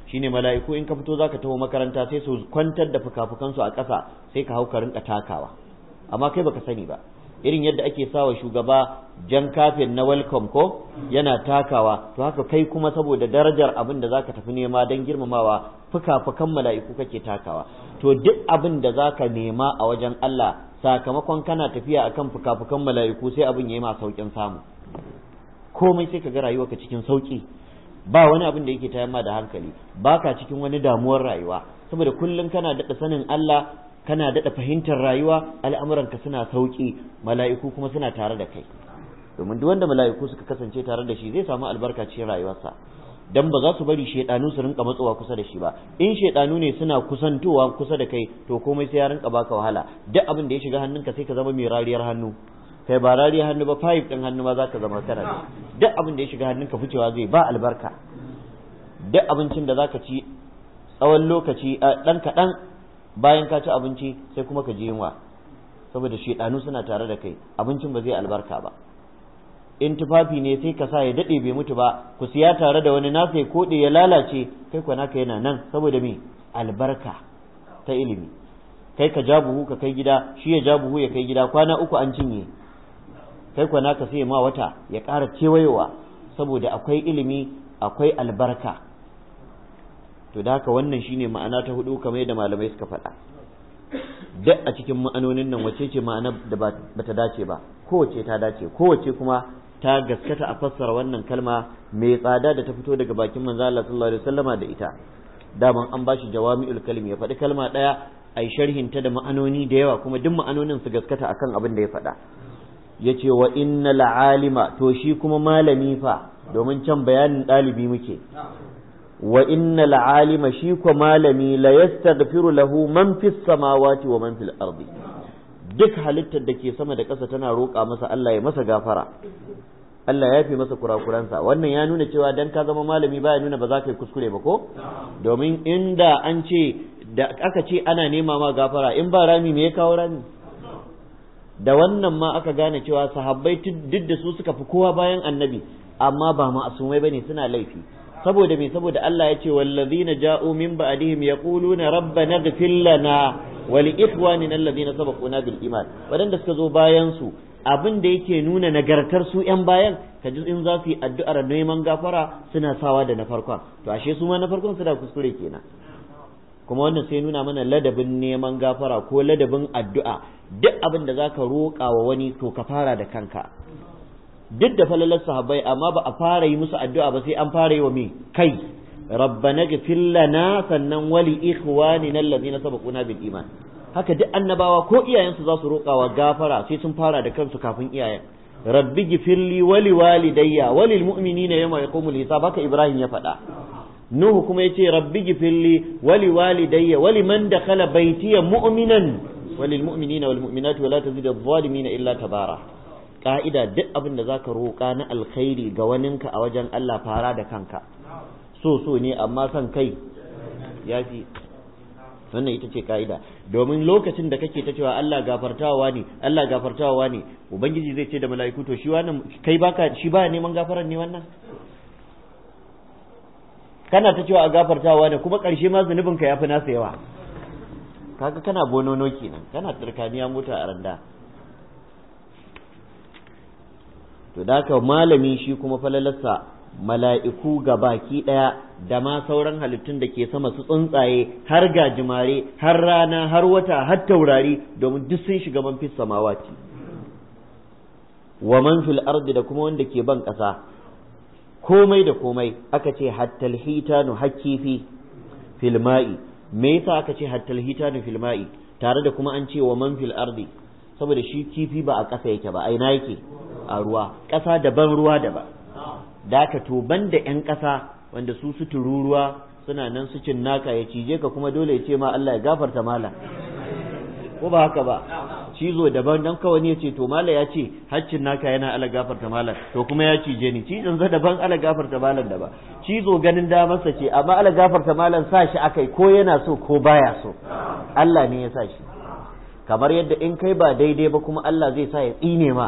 shine mala'iku in ka fito zaka taho makaranta sai su kwantar da fukafukan su a ƙasa sai ka hau ka rinka takawa amma kai baka sani ba irin yadda ake sawa shugaba jan kafin na welcome ko yana takawa to haka kai kuma saboda darajar abin da zaka tafi nema don girmamawa fukafukan mala'iku kake takawa to duk abin da zaka nema a wajen Allah sakamakon kana tafiya akan fukafukan mala'iku sai abin yayi ma saukin samu komai sai ka ga ka cikin sauki ba wani abin da yake tayar ma da hankali baka cikin wani damuwar rayuwa saboda kullum kana daɗa sanin Allah kana daɗa fahimtar rayuwa al'amuranka suna sauki mala'iku kuma suna tare da kai domin duk wanda mala'iku suka kasance tare da shi zai samu albarka rayuwarsa dan ba za su bari shaiɗanu su rinka matsowa kusa da shi ba in shaiɗanu ne suna kusantowa kusa da kai to komai sai ya rinka baka wahala duk abin da ya shiga hannunka sai ka zama mai rariyar hannu kai ba rariyar hannu ba five din hannu ma za ka zama kana duk abin da ya shiga hannunka ficewa zai ba albarka duk abincin da za ka ci tsawon lokaci ɗan kaɗan bayan ka ci abinci sai kuma ka ji yunwa saboda shaiɗanu suna tare da kai abincin ba zai albarka ba in tufafi ne sai ka sa ya daɗe bai mutu ba ku siya tare da wani nasa ya koɗe ya lalace kai kwana naka yana nan saboda me albarka ta ilimi kai ka ja buhu ka kai gida shi ya ja buhu ya kai gida kwana uku an cinye kai kwana naka sai ma wata ya ƙara kewayowa saboda akwai ilimi akwai albarka to da haka wannan shine ma'ana ta hudu kamar yadda malamai suka faɗa duk a cikin ma'anonin nan wace ce ma'ana da bata dace ba kowace ta dace kowace kuma ta gaskata a fassara wannan kalma mai tsada da ta fito daga bakin manzo Allah sallallahu alaihi wasallama da ita Da daman an bashi jawami'ul kalim ya faɗi kalma ɗaya ai sharhin ta da ma'anoni da yawa kuma duk ma'anonin su gaskata akan abin da ya faɗa yace wa innal alima to shi kuma malami fa domin can bayanin ɗalibi muke wa innal alima shi kuma malami la yastaghfiru lahu man fis samawati wa man fil ardi duk halittar da ke sama da ƙasa tana roƙa masa Allah ya masa gafara Allah ya fi masa kurakuransa wannan ya nuna cewa dan ka zama malami baya nuna ba za ka yi kuskure ba ko domin inda an ce da aka ce ana nema ma gafara in ba rami me ya kawo rami da wannan ma aka gane cewa sahabbai duk da su suka fi kowa bayan annabi amma ba ma asumai bane suna laifi saboda me saboda Allah ya ce wallazina ja'u min ba'dihim yaquluna rabbana ighfir lana wa li ikhwanina alladhina sabaquna bil iman Waɗanda suka zo bayan su abin da yake nuna nagartar su yan bayan ka ji in za su yi addu'ar neman gafara suna sawa da na farkon to ashe su ma na farkon suna kuskure kenan kuma wannan sai nuna mana ladabin neman gafara ko ladabin addu'a duk abin da ka roƙa wa wani to ka fara da kanka duk da falalar sahabbai amma ba a fara yi musu addu'a ba sai an fara yi wa me kai rabbana gfir lana sannan wali ikhwanina allazina sabaquna bil iman haka duk annabawa ko iyayensu za su wa gafara sai sun fara da kansu kafin iyayen rabbi gifirli wali walidayya walil mu'minina yawma yaqumul hisab haka ibrahim ya faɗa nuhu kuma yace rabbi gifirli wali walidayya wali man dakhala baytiya mu'minan walil mu'minina wal mu'minati wala tazidu adh-dhalimina illa tabara ka'ida duk abin da zaka roƙa na alkhairi ga waninka a wajen Allah fara da kanka so so ne amma son kai ya fi wannan ita ce ka'ida domin lokacin da kake ta cewa Allah gafartawa ne Allah gafartawa ne ubangiji zai ce da mala'iku to shi wannan kai baka shi ba neman gafaran ne wannan kana ta cewa a gafartawa ne kuma ƙarshe ma zunubinka ya fi nasa yawa kaga kana bononoki nan kana tsirkaniya mota a randa to da haka malami shi kuma falalarsa mala'iku ga baki ɗaya da ma sauran halittun da ke sama su tsuntsaye har gajimare har rana har wata har taurari domin duk sun shiga man fis samawati wa man fil ardi da kuma wanda ke ban ƙasa komai da komai aka ce hattal hitanu hakkifi fil ma'i me yasa aka ce hattal hitanu fil ma'i tare da kuma an ce wa man fil ardi saboda shi kifi ba a ƙasa yake ba aina yake a ruwa ƙasa daban ruwa daban da ka toban da ƴan ƙasa wanda su suturu ruwa suna nan su cin naka ya cije ka kuma dole ya ce ma Allah ya gafarta mala ko ba haka ba cizo daban dan kawai ne ce to mala ya ce haccin naka yana Allah gafarta mala to kuma ya cije ni cizon za daban Allah gafarta malan da ba cizo ganin damarsa ce amma Allah gafarta malan sa shi akai ko yana so ko baya so Allah ne ya sa shi kamar yadda in kai ba daidai ba kuma Allah zai sa ya tsine ma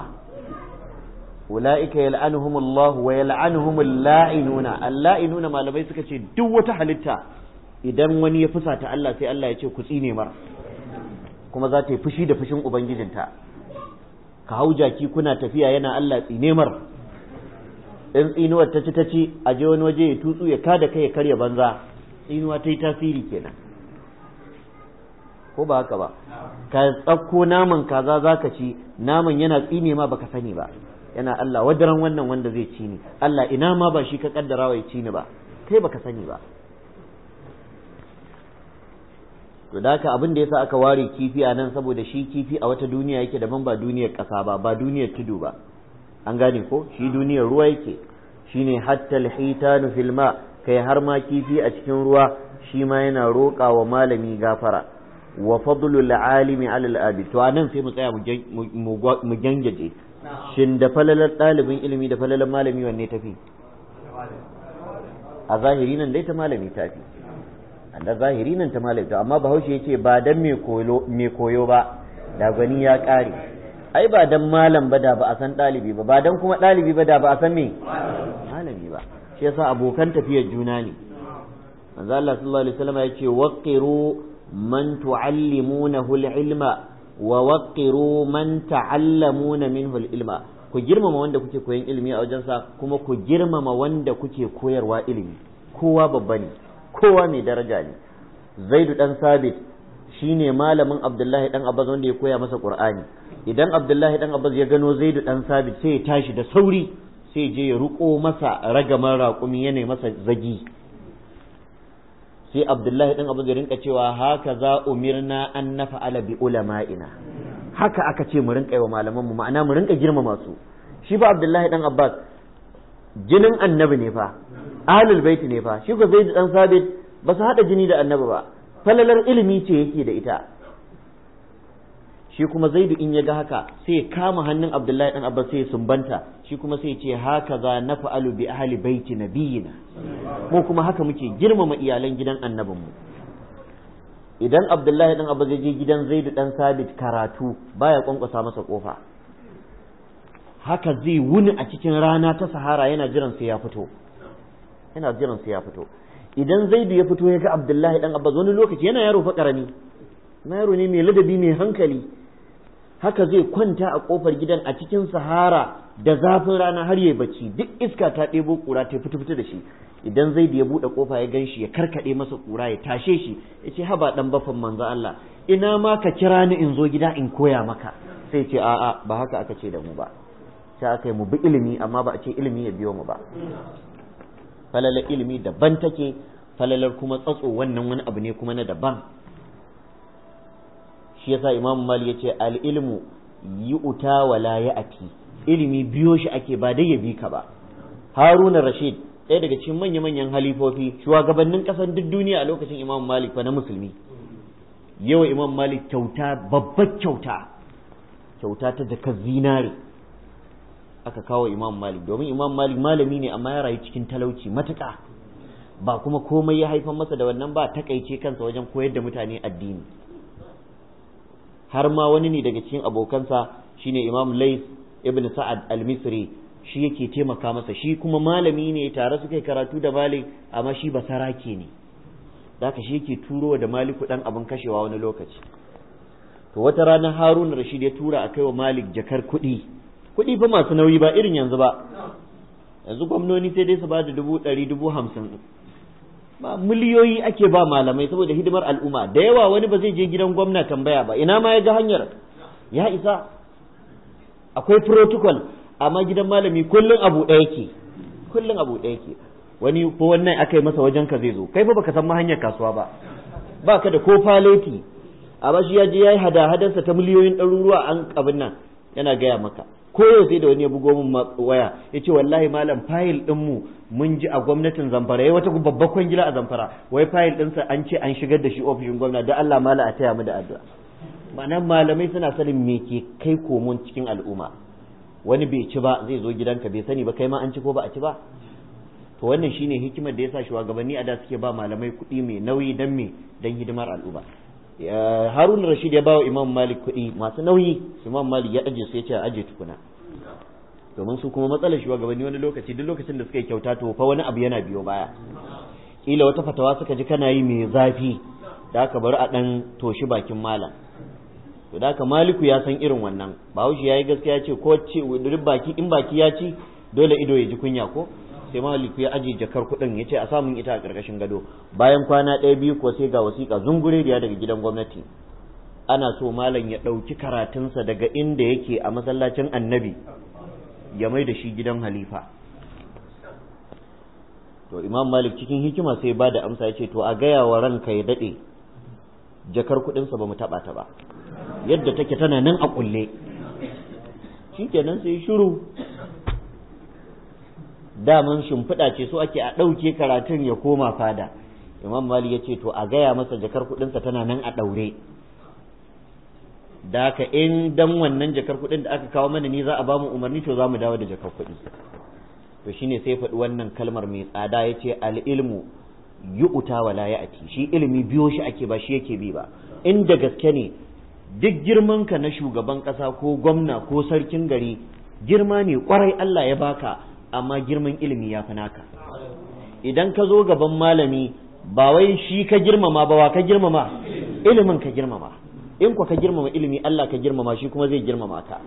ula'ika yal'anuhumullahu wa yal'anuhumul la'inuna al-la'inuna malamai suka ce duk wata halitta idan wani ya fusata Allah sai Allah ya ce ku tsine mar kuma za ta yi fushi da fushin ubangijinta ka hau jaki kuna tafiya yana Allah tsine mar in tsinuwar ta ci ta ci a je wani waje ya tutsu ya kada kai ya karya banza tsinuwa ta yi tasiri kenan ko ba haka ba ka tsakko naman kaza zaka ci naman yana tsine ma baka sani ba yana Allah wadaran wannan wanda zai ci ni Allah ina ma ba shi ka kaddara ya ci ni ba kai baka sani ba to da haka abin da yasa aka ware kifi a nan saboda shi kifi a wata duniya yake daban ba duniyar kasa ba ba duniyar tudu ba an gane ko shi duniyar ruwa yake shine hatta alhitanu fil ma kai har ma kifi a cikin ruwa shi ma yana roƙa wa malami gafara wa al alimi al abi to anan sai mu tsaya mu gangaje shin da falalar ɗalibin ilimi da falalar malami wanne tafi a zahiri nan dai ta malami tafi da zahiri nan ta malami to amma bahaushe ya ce ba dan me koyo ba da gani ya kare ai ba dan malam ba da ba a san ɗalibi ba ba dan kuma ɗalibi ba da ba a san me malami ba shi yasa abokan tafiyar juna ne manzo Allah sallallahu alaihi wasallam ya ce waqiru من تعلمونه العلم ilma من تعلمون منه العلم ku girmama wanda kuke koyan ilimi a wajensa kuma ku girmama wanda kuke koyarwa ilimi kowa babba ne kowa mai daraja ne zaidu dan sabit shine malamin abdullahi dan abbas wanda ya koya masa qur'ani idan abdullahi dan abbas ya gano zaidu dan sabit sai ya tashi da sauri sai je ya ruko masa ragaman raƙumi ya masa zagi sai abdullahi ɗin abu rinka cewa haka za umirna an nafa'ala bi ulama'ina haka aka ce mu rinka yi wa malamanmu ma'ana mu rinka girma masu. shi ba abdullahi ɗan abbas jinin annabi ne fa ahlul baiti ne fa shi ko zaid dan sabit ba su hada jini da annabi ba falalar ilimi ce yake da ita shi kuma zaidu in ya ga haka sai kama hannun abdullahi ɗan abbas sai sumbanta shi kuma sai ce haka za na fa'alu bi ahli baiti biyina mu kuma haka muke girmama iyalan gidan annabinmu idan abdullahi dan abu zai je gidan zaidu dan sabit karatu baya kwankwasa masa kofa haka zai wuni a cikin rana ta sahara yana jiran sai ya fito yana jiran sai ya fito idan zaidu ya fito ya ga abdullahi dan abbas wani lokaci yana yaro fa karami yaro ne mai ladabi mai hankali haka zai kwanta a ƙofar gidan a cikin sahara da zafin rana har yayi bacci duk iska ta ɗebo ƙura ta fita fita da shi idan zai ya buɗe ƙofa ya gan shi ya karkaɗe masa ƙura ya tashe shi ya ce haba ɗan bafan manzo Allah ina ma ka kira ni in zo gida in koya maka sai ce a'a ba haka aka ce da mu ba sai aka yi mu bi ilimi amma ba a ce ilimi ya biyo mu ba falalar ilimi daban take falalar kuma tsatso wannan wani abu ne kuma na daban shi yasa imamu mali ya ce al ilmu yi uta wala ya ilimi biyo shi ake ba dai ya bi ka ba haruna rashid ɗaya daga cikin manya-manyan halifofi shugabannin ƙasar duk duniya a lokacin imam malik fa na musulmi yawa imam malik kyauta babbar kyauta kyauta ta jaka zinare aka kawo imam malik domin imam malik malami ne amma ya rayu cikin talauci matuƙa ba kuma komai ya haifar masa da wannan ba takaice kansa wajen koyar da mutane addini har ma wani ne daga cikin abokansa shine imam lais ibn sa'ad al-misri shi yake taimaka masa shi kuma malami ne tare suka yi karatu da malik amma shi ba sarake ne daka shi yake turo da maliku dan abin kashewa wani lokaci to wata rana harun rashid ya tura a wa malik jakar kuɗi kuɗi fa masu nauyi ba irin yanzu ba yanzu gwamnoni sai dai su ba da dubu ɗari dubu hamsin ba miliyoyi ake ba malamai saboda hidimar al'umma da yawa wani ba zai je gidan gwamna tambaya ba ina ma ya ga hanyar ya isa akwai protocol amma gidan malami kullum abu ɗaya ke kullum abu ɗaya ke wani ko wannan aka masa wajen ka zai zo kai fa baka san hanyar kasuwa ba ba ka da ko faleti a bashi ya je ya yi hada-hadarsa ta miliyoyin ɗaruruwa an abin nan yana gaya maka ko yau sai da wani ya bugo min waya ya ce wallahi malam fayil ɗin mu mun ji a gwamnatin zamfara ya wata babban kwangila a zamfara wai fayil ɗinsa an ce an shigar da shi ofishin gwamna da Allah mala a taya mu da addu'a ma'ana malamai suna sanin me ke kai komon cikin al'umma wani bai ci ba zai zo gidanka bai sani ba kai ma an ci ko ba a ci ba to wannan shine hikimar da yasa shugabanni a da suke ba malamai kuɗi mai nauyi dan me dan hidimar al'umma Harun Rashid ya bawa Imam Malik kuɗi masu nauyi Imam Malik ya aje su ya ce a aje tukuna domin su kuma matsalar shugabanni wani lokaci duk lokacin da suka yi kyauta to fa wani abu yana biyo baya kila wata fatawa suka ji kana yi mai zafi da aka bari a dan toshi bakin malam to da maliku ya san irin wannan bahaushe ya yi gaskiya ce ko ce baki in baki ya ci dole ido ya ji kunya ko sai maliku ya ajiye jakar kuɗin ya ce a samun ita a ƙarƙashin gado bayan kwana ɗaya biyu ko sai ga wasiƙa zungure da daga gidan gwamnati ana so malam ya ɗauki karatunsa daga inda yake a masallacin annabi ya mai da shi gidan halifa to imam malik cikin hikima sai ba da amsa ya ce to a gaya wa ranka ya daɗe jakar kuɗinsa ba mu taɓa ta ba yadda take tana nan a kulle shikenan sai shiru daman shimfiɗa ce so ake a ɗauke karatun ya koma fada imam mali ya ce to a gaya masa jakar kuɗinsa tana nan a ɗaure da haka in dan wannan jakar kuɗin da aka kawo mana ni za a ba mu umarni to za mu dawo da jakar kuɗi to shine sai faɗi wannan kalmar mai tsada ya ce al'ilmu yi'uta wala ya'ti shi ilimi biyo shi ake ba shi yake bi ba in da gaske ne duk girmanka na shugaban ƙasa ko gwamna ko sarkin gari girma ne kwarai Allah ya baka amma girman ilimi ya fi naka idan ka zo gaban malami ba wai shi ka girmama ba wa ka girmama ilimin ka girmama in ka girmama ilimi Allah ka girmama shi kuma zai girmama ka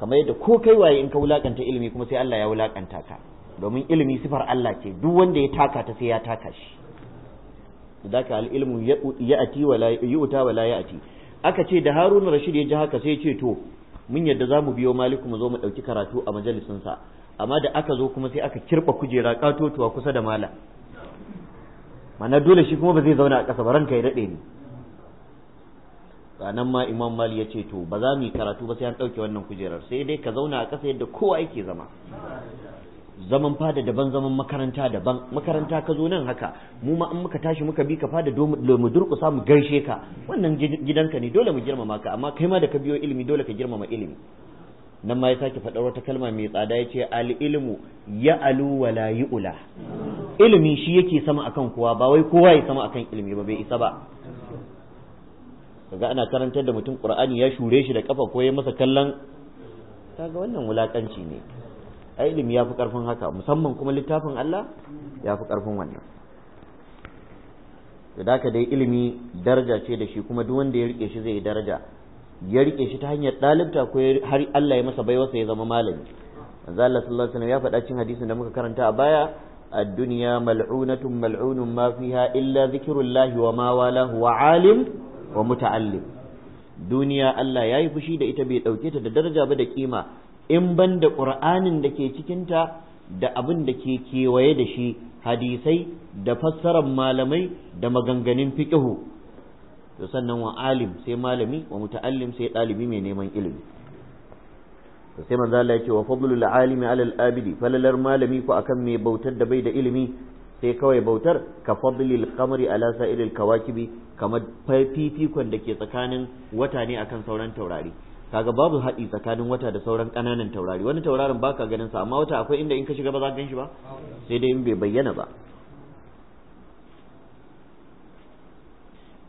kamar yadda ko kai waye in ka wulakanta ilimi kuma sai Allah ya wulakanta ka domin ilimi sifar Allah ce duk wanda ya taka ta sai ya taka shi zaka al ilmu ya'ti wala yu'ta wala ya'ti aka ce da harun rashid ya ji haka sai ya ce to mun yadda za mu biyo maliku mu zo mu ɗauki karatu a majalisinsa amma da aka zo kuma sai aka kirɓa kujera ƙatotuwa kusa da mala mana dole shi kuma ba zai zauna a ƙasa ba ranka ya daɗe ne. ranar ma imam mali ya ce to ba za mu yi karatu ba sai an ɗauke wannan kujerar sai dai ka zauna a ƙasa yadda kowa yake zama zaman fada daban zaman makaranta daban makaranta ka zo nan haka mu ma in muka tashi muka bi ka fada mu durƙusa mu gaishe ka wannan gidanka ne dole mu girmama ka amma kai ma da ka biyo ilimi dole ka girmama ilimi nan ma ya sake faɗa wata kalma mai tsada ya ce al-ilmu ya alu wa la ula ilimi shi yake sama akan kowa ba wai kowa ya sama akan ilimi ba bai isa ba kaga ana karantar da mutum qur'ani ya shure shi da kafa ko ya masa kallon kaga wannan wulakanci ne a ilimi ya fi ƙarfin haka musamman kuma littafin Allah ya fi ƙarfin wannan da haka dai ilimi daraja ce da shi kuma duk wanda ya rike shi zai yi daraja ya rike shi ta hanyar ɗalibta ko har Allah ya masa baiwarsa ya zama malami manzo Allah sallallahu alaihi wasallam ya faɗa cikin hadisin da muka karanta a baya mal'unun ma fiha illa فيها wa ma الله وما alim wa muta'allim duniya Allah ya yi fushi da ita bai ɗauke ta da daraja ba da kima in ban da ƙur'anin da ke cikinta da abin da ke kewaye da shi hadisai da fassarar malamai da maganganun fiƙihu to sannan wa alim sai malami wa muta'allim sai ɗalibi mai neman ilimi to sai manzo Allah ya ce wa fadlul alimi alal abidi falalar malami ko akan mai bautar da bai da ilimi sai kawai bautar ka fadlil qamari ala sa'ilil kawakibi kamar fifikon da ke tsakanin wata ne akan sauran taurari kaga babu haɗi tsakanin wata da sauran ƙananan taurari wani tauraron ka ganin sa amma wata akwai inda in ka shiga ba za ka gan shi ba sai dai in bai bayyana ba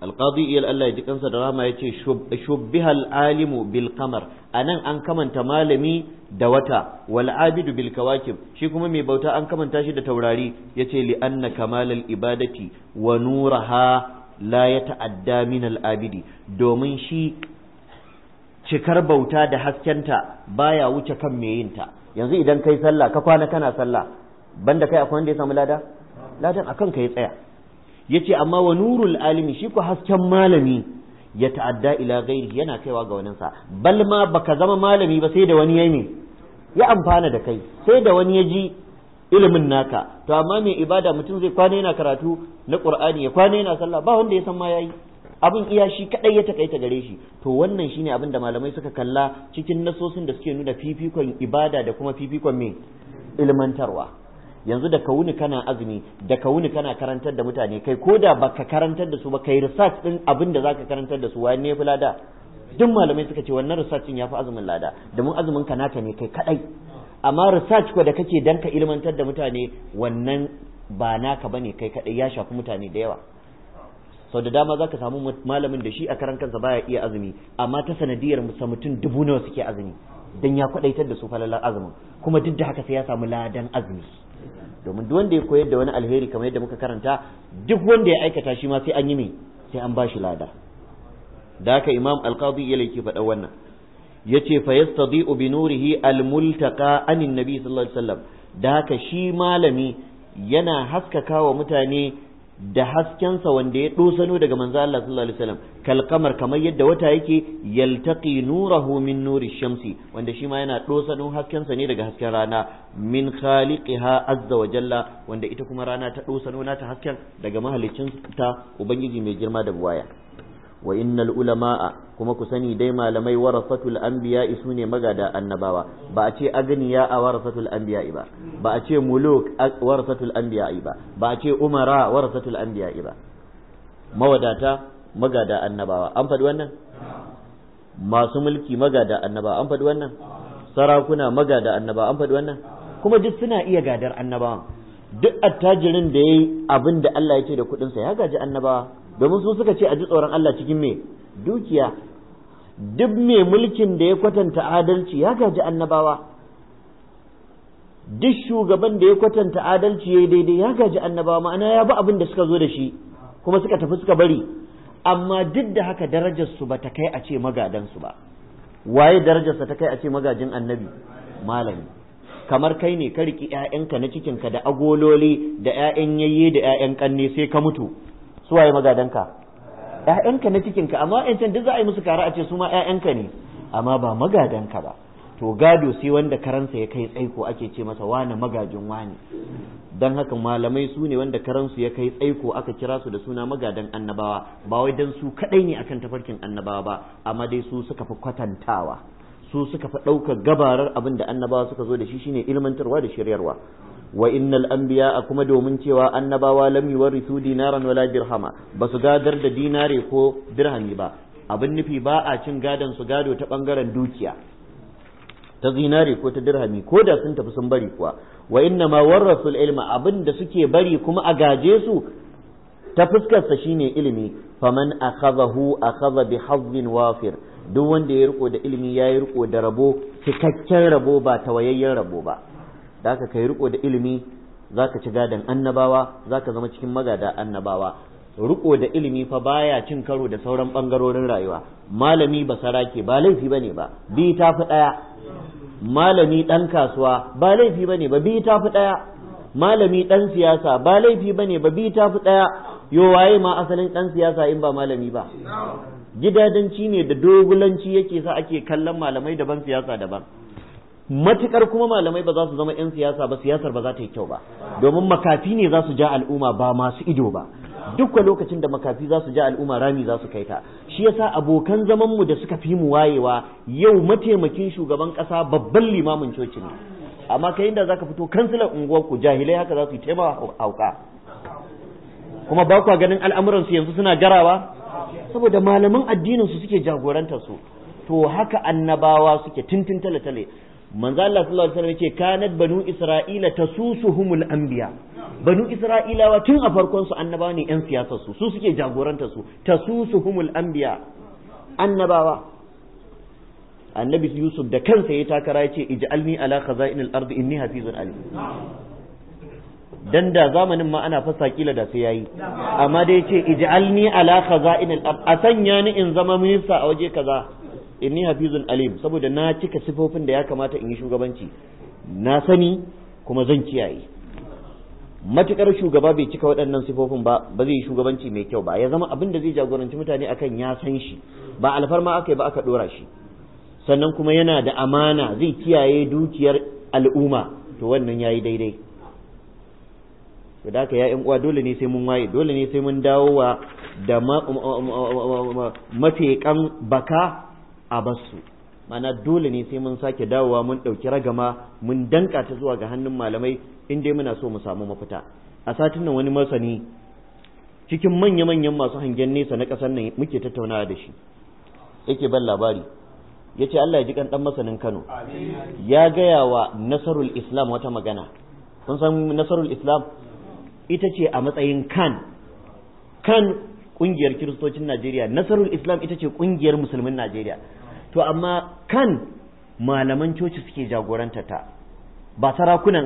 alqadi iyal Allah ya ji kansa da rama yace shubbihal alimu bil qamar anan an kamanta malami da wata wal abidu bil kawakib shi kuma mai bauta an kamanta shi da taurari yace li anna kamalal ibadati wa nuraha la yata'adda min al abidi domin shi cikar bauta da haskenta baya wuce kan yin yinta yanzu idan kai sallah ka kwana kana sallah banda kai akwai wanda ya samu lada ladan akan ka tsaya yace amma wa nurul alimi shi ko hasken malami ya ta'adda ila ghairi yana kaiwa ga sa bal ma baka zama malami ba sai da wani yayi ya amfana da kai sai da wani ya ji ilimin naka to amma mai ibada mutum zai kwana yana karatu na qur'ani ya kwana yana sallah ba wanda ya san ma yayi abin iya shi kadai ya takaita gare shi to wannan shine abin da malamai suka kalla cikin nasosin da suke nuna fifikon ibada da kuma fifikon me ilmantarwa yanzu da kauni kana azumi da kauni kana karantar da mutane kai ko da baka karantar da su ba kai research din abin da zaka karantar da su wani ne fi lada duk malamai suka ce wannan research din yafi azumin lada domin azumin ka naka ne kai kadai amma research ko da kake dan ka ilmantar da mutane wannan ba naka bane kai kadai ya shafi mutane da yawa sau da dama za ka samu malamin da shi a karan kansa baya iya azumi amma ta sanadiyar sa mutum dubu nawa suke azumi dan ya kwadaitar da su falalar azumin kuma duk da haka sai ya samu ladan azumi domin duk wanda ya koyar da wani alheri kamar yadda muka karanta duk wanda ya aikata shi ma sai an yi mai sai an ba shi lada da haka imam alqadi ya yake faɗa wannan yace fa yastadi'u bi nurihi almultaqa anin nabi sallallahu alaihi wasallam da haka shi malami yana haskaka wa mutane da haskensa wanda ya ɗosano daga manzo Allah sallallahu alaihi wasallam kal kamar yadda wata yake yaltaqi nurahu min nuri shamsi wanda shi ma yana ɗosano haskensa ne daga hasken rana min khaliqiha azza wa jalla wanda ita kuma rana ta dosano nata hasken daga mahaliccin ta ubangiji mai girma da buwaya wa innal ulama'a kuma ku sani dai malamai warasatul anbiya su ne magada annabawa ba a ce agniya a warasatul anbiya ba ba a ce muluk warasatul anbiya ba ba a ce umara warasatul anbiya ba mawadata magada annabawa an faɗi wannan masu mulki magada annabawa an faɗi wannan sarakuna magada annabawa an faɗi wannan kuma duk suna iya gadar annabawa. duk attajirin da yayi abin da Allah ya ce da kuɗinsa ya gaji annabawa domin su suka ce a ji tsoron Allah cikin me dukiya duk mai mulkin da ya kwatanta adalci ya gaji annabawa duk shugaban da ya kwatanta adalci ya daidai ya gaji annabawa ma'ana ya bi abin da suka zo da shi kuma suka tafi suka bari amma duk da haka darajarsu ba ta kai a ce magadansu ba waye darajarsa ta kai a ce magajin annabi malami kamar kai ne ka riki 'ya'yanka na cikinka da agololi da 'ya'yan yayye da 'ya'yan kanne sai ka mutu su waye magadanka ƴaƴanka na cikinka amma ƴancan duk za a yi musu kara a ce su ma ƴaƴanka ne amma ba magadanka ba to gado sai wanda karansa ya kai tsaiko ake ce masa wani magajin wane dan haka malamai su ne wanda karansu ya kai tsaiko aka kira su da suna magadan annabawa ba wai dan su kadai ne akan tafarkin annabawa ba amma dai su suka fi kwatantawa su suka fi ɗaukar gabarar abin da annabawa suka zo da shi shine ilmantarwa da shiryarwa wa innal anbiya kuma domin cewa annabawa lam yuwarisu dinaran wala dirhama ba su gadar da dinare ko dirhami ba abin nufi ba a cin gadon su gado ta bangaren dukiya ta zinare ko ta dirhami ko da sun tafi sun bari kuwa wa inna ma warrasul ilma abin da suke bari kuma a gaje su ta fuskar sa shine ilimi faman akhadhahu akhadha bi hazzin wafir duk wanda ya riko da ilimi ya yi riko da rabo cikakken rabo ba tawayayyen rabo ba da aka kai riko da ilimi za ka ci gadon annabawa za ka zama cikin magada annabawa riko da ilimi fa baya cin karo da sauran ɓangarorin rayuwa malami ba sarake ba laifi ba ne ba bi ta fi ɗaya. malami ɗan kasuwa ba laifi ba ne ba bi ta fi ɗaya. malami ɗan siyasa ba laifi ba ne ba bi ta fi ɗaya. yo waye ma asalin ɗan siyasa in ba malami ba gidadanci ne da dogulanci yake sa ake kallon malamai daban siyasa daban matukar kuma malamai ba za su zama 'yan siyasa ba siyasar ba za ta yi kyau ba domin makafi ne za su ja al'umma ba masu ido ba duk lokacin da makafi za su ja al'umma rami za su kai ta shi yasa abokan zaman mu da suka fi mu wayewa yau mataimakin shugaban kasa babban limamin coci ne amma da inda zaka fito kansilan unguwar ku jahilai haka za su yi taimawa hauka kuma ba kwa ganin al'amuran su yanzu suna jarawa saboda malaman addinin su suke jagorantar su to haka annabawa suke tintin tale tale manzo Allah sallallahu alaihi wasallam yake kanat banu isra'ila tasusuhumul anbiya banu isra'ilawa tun a farkon su annabawa ne yan siyasar su su suke jagorantar su tasusuhumul anbiya annabawa annabi yusuf da kansa ya takara yace ij'alni ala khaza'inil ardi inni hafizun alim dan da zamanin ma ana fasa kila da sai yayi amma dai yace ij'alni ala khaza'inil ardi a sanya ni in zama minista a waje kaza inni hafizun alim saboda na cika sifofin da ya kamata in yi shugabanci na sani kuma zan kiyaye matukar shugaba bai cika waɗannan sifofin ba ba zai yi shugabanci mai kyau ba ya zama abin da zai jagoranci mutane akan ya san shi ba alfarma aka yi ba aka ɗora shi sannan kuma yana da amana zai kiyaye dukiyar al'umma to wannan yayi daidai to da aka ya uwa dole ne sai mun waye dole ne sai mun dawo wa da mafiƙan baka a basu mana dole ne sai mun sake dawowa mun ɗauki ragama mun danka ta zuwa ga hannun malamai in dai muna so mu samu mafita a satin nan wani masani cikin manya-manyan masu hangen nesa na ƙasar nan muke tattaunawa da shi yake ban labari ya ce Allah ya ji ɗan masanin Kano ya gaya wa Nasarul Islam wata magana kun san Nasarul Islam ita ce a matsayin kan kan ƙungiyar kiristocin Najeriya Nasarul Islam ita ce ƙungiyar musulmin Najeriya to amma kan malaman coci suke jagoranta ta ba sarakunan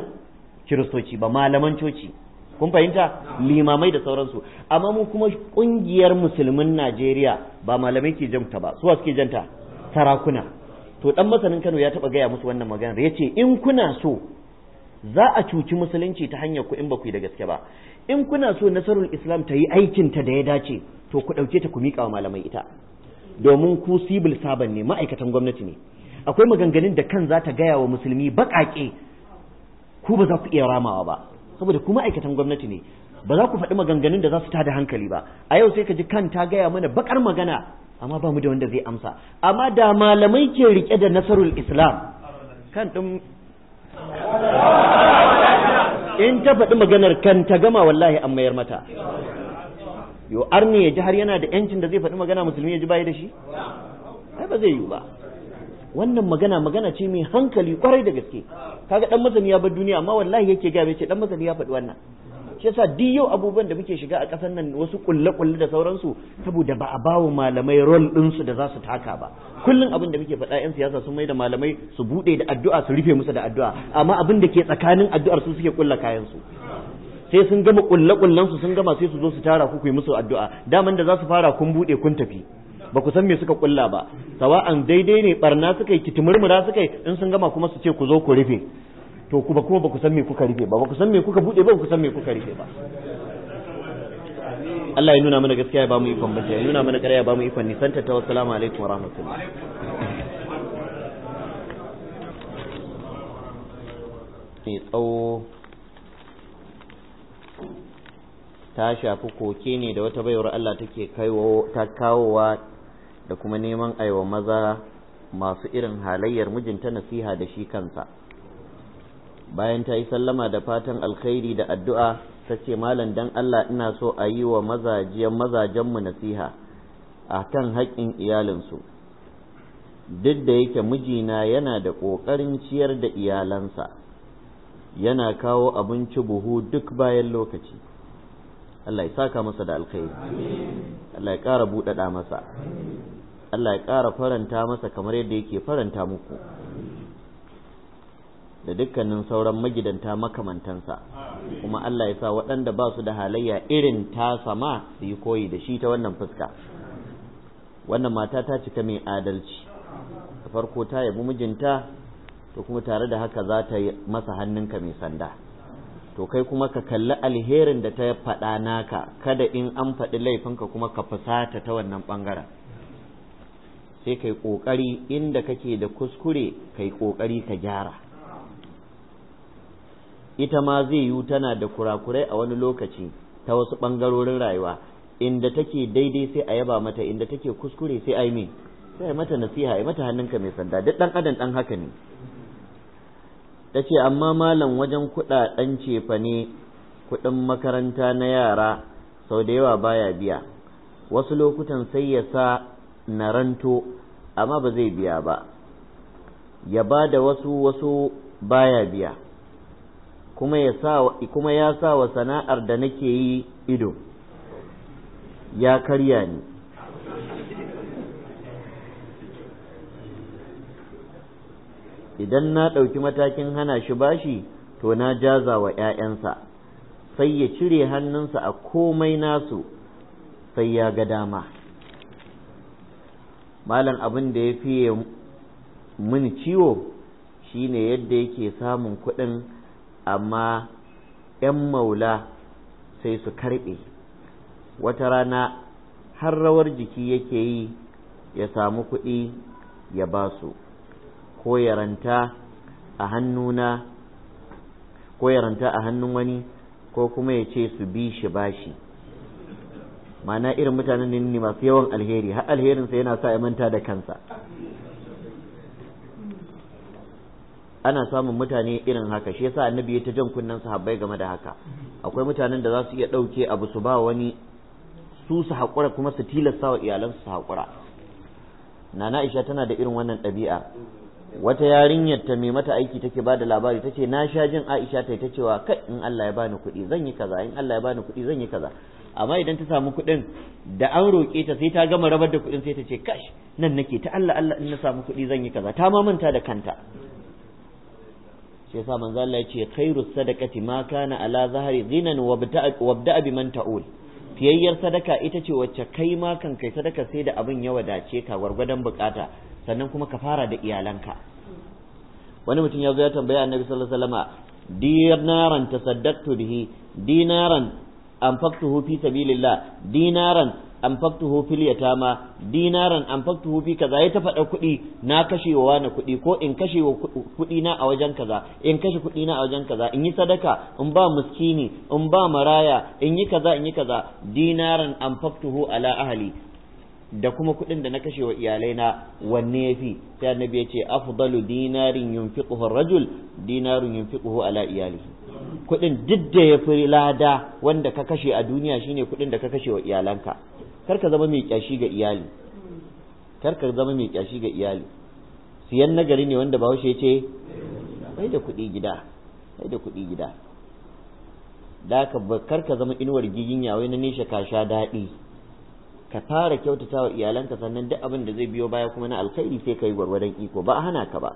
kiristoci ba malaman coci kun fahimta limamai da sauransu amma mu kuma kungiyar musulmin Najeriya ba malamai ke janta ba suwa suke janta sarakuna to dan masanin Kano ya taba gaya musu wannan ya ce in kuna so za a cuci musulunci ta hanyar ku in ba ku yi da gaske ba in kuna so nasarul islam ta yi aikin da ya dace to ku ɗauke ta ku miƙa wa malamai ita domin ku sibil saban ne ma'aikatan gwamnati ne akwai maganganun da kan za ta gaya wa musulmi baƙaƙe ku ba za ku iya ramawa ba saboda ku ma'aikatan gwamnati ne ba za ku faɗi maganganun da za su tada hankali ba a yau sai ka ji kan ta gaya mana baƙar magana amma ba mu da wanda zai amsa amma da malamai ke rike da nasarul islam kan ɗin in ta faɗi maganar kan ta gama wallahi an mayar mata yo arni ya ji har yana da yancin da zai faɗi magana musulmi ya ji bayi da shi ai ba zai yi ba wannan magana magana ce mai hankali kwarai da gaske kaga dan ɗan ya bar duniya amma wallahi yake ga ce dan mazani ya faɗi wannan shi yasa duk yau abubuwan da muke shiga a ƙasar nan wasu kulle kulle da sauransu saboda ba a bawo malamai rol din su da za su taka ba kullum abin da muke faɗa yan siyasa sun mai da malamai su buɗe da addu'a su rufe musu da addu'a amma abin da ke tsakanin addu'ar su suke kulla kayan su sai sun gama kulle kullen su sun gama sai su zo su tara ku ku yi musu addu'a daman da za su fara kun bude kun tafi ba ku san me suka kulla ba sawa'an daidai ne barna suka yi kitimurmura suka yi in sun gama kuma su ce ku zo ku rufe to kuma kuma ba ku san me kuka rufe ba ba ku san me kuka bude ba ba ku san me kuka rufe ba Allah ya nuna mana gaskiya ya ba mu ikon bace ya nuna mana ƙarya ya ba mu ikon nisanta ta wassalamu alaikum wa rahmatullah tsawo ta shafi koke ne da wata baiwar Allah take ta kawowa da kuma neman aiwa maza masu irin halayyar mijinta nasiha da shi kansa bayan ta yi sallama da fatan alkhairi da addu'a ta ce malam dan Allah ina so a yi wa mazajiyan mazajenmu nasiha a kan haƙƙin iyalinsu duk da yake mijina yana da ƙoƙarin ciyar da iyalansa yana kawo abinci buhu duk bayan lokaci Allah ya saka masa da alkhairi Allah ya ƙara buɗaɗa masa Allah ya kara faranta masa kamar yadda yake faranta muku da dukkanin sauran magidanta makamantansa kuma Allah ya sa waɗanda ba su da halayya irin ta sama su yi koyi da shi ta wannan fuska wannan mata ta cika mai adalci da farko ta yabi mijinta to kuma tare da haka za ta masa hannunka mai sanda to kai kuma ka kalli alherin da ta faɗa naka kada in an faɗi laifinka kuma ka fusata ta wannan ɓangaren sai kai ƙoƙari inda kake da kuskure kai ƙoƙari ka gyara ita ma zai yiwu tana da kurakurai a wani lokaci ta wasu ɓangarorin rayuwa inda take daidai sai a yaba mata inda take kuskure sai a yi mata nasiha a mata hannunka mai sanda duk ɗan adam ɗan haka ne ta ce amma malam wajen kuɗaɗen cefa ne kuɗin makaranta na yara sau da yawa baya biya wasu lokutan sai ya sa na ranto amma ba zai biya ba ya ba da wasu wasu baya biya kuma ya sa wa sana'ar da nake yi ido ya karya ni idan na ɗauki matakin hana shi bashi to na jaza wa ‘ya'yansa sai ya cire hannunsa a komai nasu sai ya ga dama malam abin da ya fiye mun ciwo shine yadda yake samun kuɗin amma ‘yan maula sai su karɓe wata rana har rawar jiki yake yi ya samu kuɗi ya ba su ko yaranta a hannuna ko a hannun wani ko kuma ya ce su bi shi bashi mana irin mutanen ne masu yawan alheri har alherinsa yana sa ya manta da kansa ana samun mutane irin haka shi yasa annabi ya ta jan kunnen sahabbai game da haka akwai mutanen da za su iya ɗauke abu su ba wani su su haƙura kuma su tilasta wa iyalansu su haƙura nana aisha tana da irin wannan ɗabi'a wata yarinyar ta mai mata aiki take bada labari tace na sha jin Aisha ta ta cewa kai in Allah ya bani kuɗi zan yi kaza in Allah ya bani kuɗi zan yi kaza amma idan ta samu kuɗin da an roƙe ta sai ta gama rabar da kuɗin sai ta ce kash nan nake ta Allah Allah in na samu kuɗi zan yi kaza ta ma manta da kanta sai sa manzo Allah ya ce khairu sadaqati ma kana ala zahari ghinan man ta'ul fiyayyar sadaka ita ce wacce kai ma kan kai sadaka sai da abin ya wadace ka gwargwadon bukata sannan kuma ka fara da iyalanka wani mutum ya zo ya tambaya annabi sallallahu alaihi wasallama dinaran tasaddaqtu bihi dinaran anfaqtuhu fi sabilillah dinaran anfaqtuhu fil yatama dinaran anfaqtuhu fi kaza ya ta faɗa kuɗi na kashewa wa wani kuɗi ko in kashe wa kuɗi na a wajen kaza in kashe kuɗi na a wajen kaza in yi sadaka in ba miskini in ba maraya in yi kaza in yi kaza dinaran anfaqtuhu ala ahli da kuma kuɗin da na kashe wa iyalai na wanne fi sai annabi ya ce afdalu dinarin yunfiquhu rajul dinarun yunfiquhu ala iyalihi kuɗin duk da fi lada wanda ka kashe a duniya shine kuɗin da ka kashe wa iyalanka kar ka zama mai kyashi ga iyali kar ka zama mai kyashi ga iyali siyan nagari ne wanda bahaushe ce Kai da kuɗi gida Kai da kuɗi gida da ka kar ka zama inuwar giginya wai na nisha ka sha daɗi ka fara kyautata wa iyalanka sannan duk abin da zai biyo baya kuma na alkhairi sai ka yi gwargwadon iko ba a hana ka ba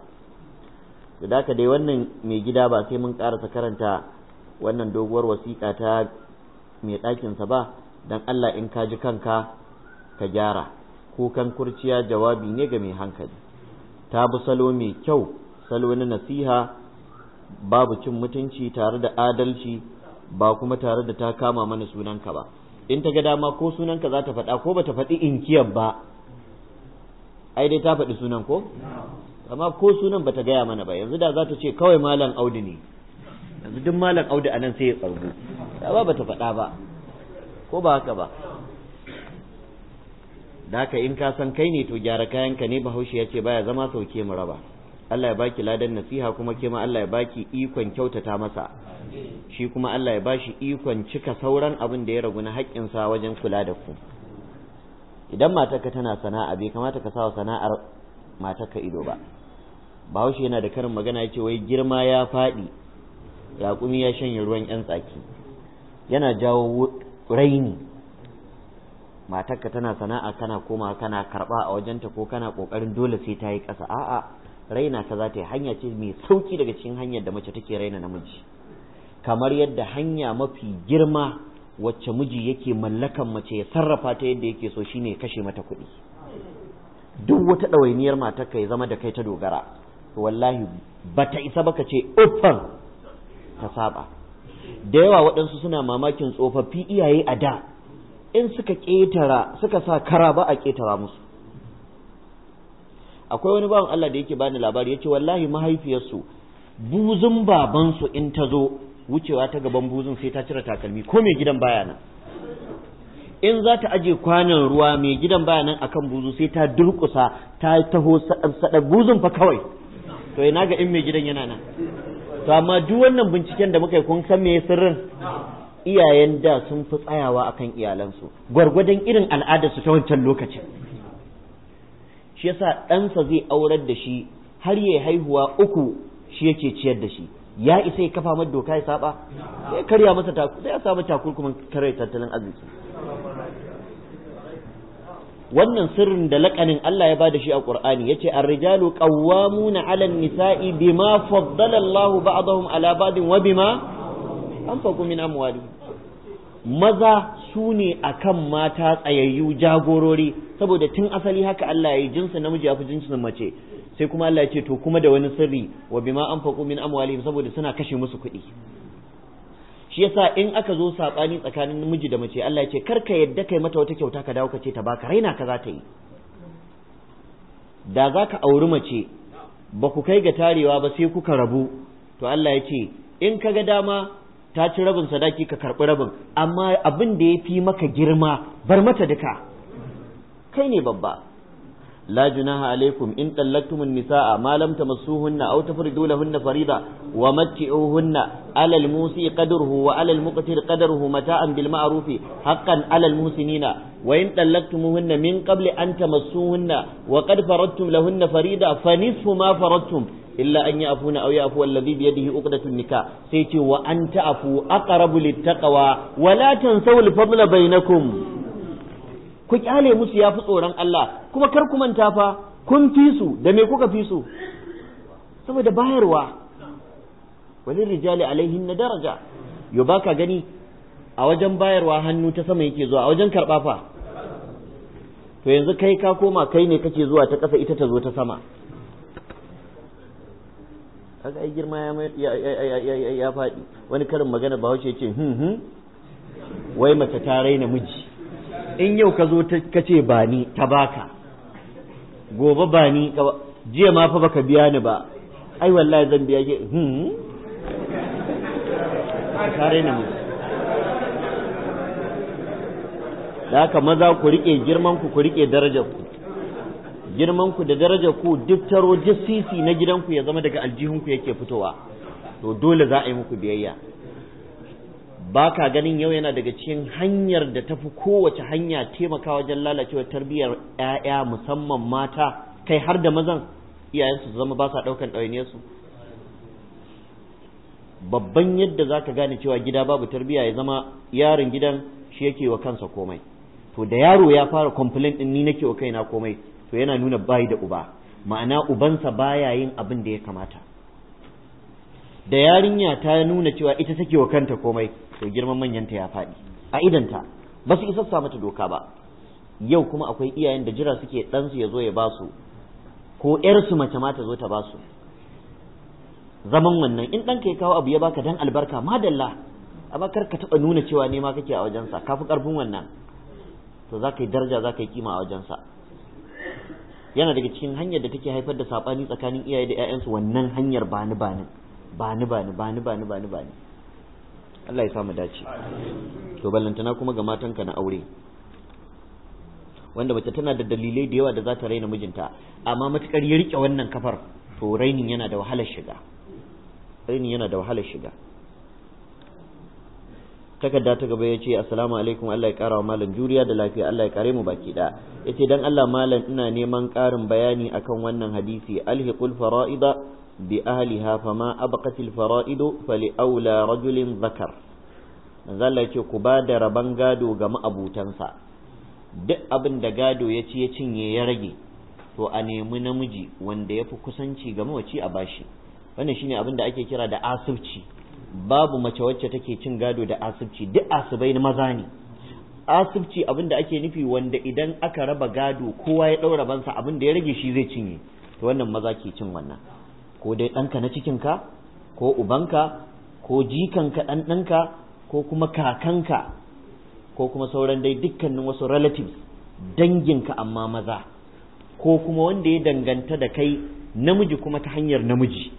da dai wannan mai gida ba sai mun karasa karanta wannan doguwar wasiƙa ta mai ɗakinsa ba don Allah in ka ji kanka ka gyara kukan kurciya jawabi ne ga mai hankali ta bi salo mai kyau salo na nasiha babu cin mutunci tare da adalci ba kuma tare da ta kama mana sunanka ba in ta ga dama ko sunanka za ta faɗa ko ba ta faɗi kiyar ba ai dai ta faɗi sunan ko amma ko sunan ba ta gaya mana ba yanzu da za ta ce kawai malam audu ne yanzu duk malam audu a nan sai ya tsargu ba ba ta faɗa ba ko ba haka ba da haka in ka san kai ne to gyara kayan ka ne bahaushe ya ce baya zama sauke mu raba Allah ya baki ladan nasiha kuma kima ma Allah ya baki ikon kyautata masa shi kuma Allah ya bashi ikon cika sauran abin da ya ragu na haƙƙinsa wajen kula da ku idan matarka tana sana'a bai kamata ka sawa sana'ar matarka ido ba bahaushe yana da karin magana yace wai girma ya faɗi yakumi ya shanye ruwan ƴan tsaki yana jawo raini matarka tana sana'a kana koma kana karɓa a wajenta ko kana ƙoƙarin dole sai ta yi ƙasa a'a raina ta za ta yi hanya ce mai sauki daga cikin hanyar da mace take raina namiji kamar yadda hanya mafi girma wacce miji yake mallakan mace ya sarrafa ta yadda yake so shine kashe mata kuɗi duk wata ɗawainiyar matar ka ya zama da kai ta dogara wallahi ba ta isa ba ka ce uffar ta saba da yawa waɗansu suna mamakin tsofaffi iyaye a da in suka ƙetara suka sa kara ba a ƙetara musu akwai wani bawan Allah da yake bani labari yace wallahi mahaifiyarsu buzun babansu in ta zo wucewa ta gaban buzun sai ta cire takalmi ko mai gidan baya nan in za ta aje kwanan ruwa mai gidan baya nan akan buzu sai ta durkusa ta taho sadar buzun fa kawai to ina ga in mai gidan yana nan to amma duk wannan binciken da muka yi kun san me sirrin iyayen da sun fi tsayawa akan iyalansu gwargwadon irin al'adarsu ta wancan lokacin shi yasa ɗansa zai aurar da shi har ya haihuwa uku shi yake ciyar da shi ya isa ya kafa mai doka ya saba ya karya masa taku sai ya samu takunkumin karai tattalin arziki wannan sirrin da lakanin Allah ya bada shi a Qur'ani yace ar-rijalu qawwamuna 'ala an-nisa'i bima faddala Allahu ba'dahum 'ala ba'din wa bima anfaqu min amwalihim maza su ne a kan mata tsayayyu jagorori saboda tun asali haka Allah ya yi na namiji ya fi jinsin mace sai kuma Allah ya ce to kuma da wani sirri wa bima anfaqu min amwalihim saboda suna kashe musu kuɗi shi yasa in aka zo saɓani tsakanin namiji da mace Allah ya ce kar ka yadda kai mata wata kyauta ka dawo ka ce ta baka raina ka za ta yi da za ka auri mace ba ku kai ga tarewa ba sai kuka rabu to Allah ya ce in ka ga dama ta ci rabin sadaki ka karɓi rabin amma abin da ya fi maka girma bar mata duka kai ne babba la junaha alaikum in tallaqtumun nisaa ma lam tamassuhunna aw tafridu lahunna farida wa matti'uhunna alal musi qadruhu wa alal muqtir qadruhu mata'an bil ma'ruf haqqan alal muhsinina wa in tallaqtumuhunna min qabli an tamassuhunna wa qad faradtum lahunna farida fa nisfu ma faradtum illa an yi afuna aw yafu alladhi bi yadihi uqdatun nikah sai ce wa an ta'fu aqrabu littaqwa wa la tansawul fadla bainakum ku kyale musu yafi tsoron Allah kuma kar ku manta fa kun fi su da me kuka fi su saboda bayarwa walil rijali alaihin na daraja yo baka gani a wajen bayarwa hannu ta sama yake zuwa a wajen karɓa to yanzu kai ka koma kai ne kake zuwa ta ƙasa ita ta zo ta sama kaga ai girma ya ya faɗi wani karin magana bahaushe ce hmm hmm wai mace ta raina miji in yau ka zo ka ce ba ni ta baka gobe ba ni jiya ma fa baka biya ni ba ai wallahi zan biya ki hmm, hmm. ta raina miji da haka maza ku rike girman ku ku rike darajar ku girman ku da darajar ku duk taro duk sisi na gidanku ya zama daga aljihun aljihunku yake fitowa to dole za a yi muku biyayya ba ka ganin yau yana daga cikin hanyar da tafi kowace hanya taimaka wajen lalacewa tarbiyyar 'ya'ya musamman mata kai har da mazan iyayensu su zama ba sa ɗaukan ɗawainiyarsu babban yadda za ka gane cewa gida babu tarbiyya ya zama yaron gidan shi yake wa kansa komai to da yaro ya fara complain ɗin ni nake wa kaina komai to yana nuna bai da uba ma'ana ubansa baya yin abin da ya kamata da yarinya ta nuna cewa ita take wa kanta komai to girman manyanta ya faɗi a idanta ba su isa mata doka ba yau kuma akwai iyayen da jira suke ɗansu ya zo ya basu, su ko ƴarsu mace ma ta zo ta basu. zaman wannan in ɗanka ya kawo abu ya baka dan albarka madalla amma kar ka taɓa nuna cewa nema kake a wajensa kafi ƙarfin wannan to za ka daraja za ka yi kima a wajensa yana daga cikin hanyar da take haifar da sabani tsakanin iyaye da ƴaƴansu wannan hanyar bani bani bani bani bani bani ba ni Allah ya sa mu dace to ballantana kuma ga matanka na aure wanda mace tana da dalilai da yawa da za ta raina mijinta amma matukar ya rike wannan kafar to rainin yana da wahalar shiga rainin yana da wahalar shiga takarda ta gaba ya ce assalamu alaikum Allah ya kara wa malam juriya da lafiya Allah ya kare mu baki da yace dan Allah malam ina neman karin bayani akan wannan hadisi alhiqul fara'ida bi ahliha fama abqatil fara'idu fali aula rajulin zakar zalla yace ku ba da raban gado ga ma'abutansa duk abin da gado ya ci ya cinye ya rage to a nemi namiji wanda ya fi kusanci ga mawaci a bashi wannan shine abin da ake kira da asubci babu mace wacce take cin gado da asibci duk asibai na maza ne asibci abin da ake nufi wanda idan aka raba gado kowa ya ɗaura bansa abin da ya rage shi zai cinye to wannan maza ke cin wannan ko dai ɗanka na cikinka ko ubanka ko jikanka ɗan ɗanka ko kuma kakanka ko kuma sauran dai dukkanin wasu relatives danginka amma maza ko kuma wanda ya danganta da kai namiji kuma ta hanyar namiji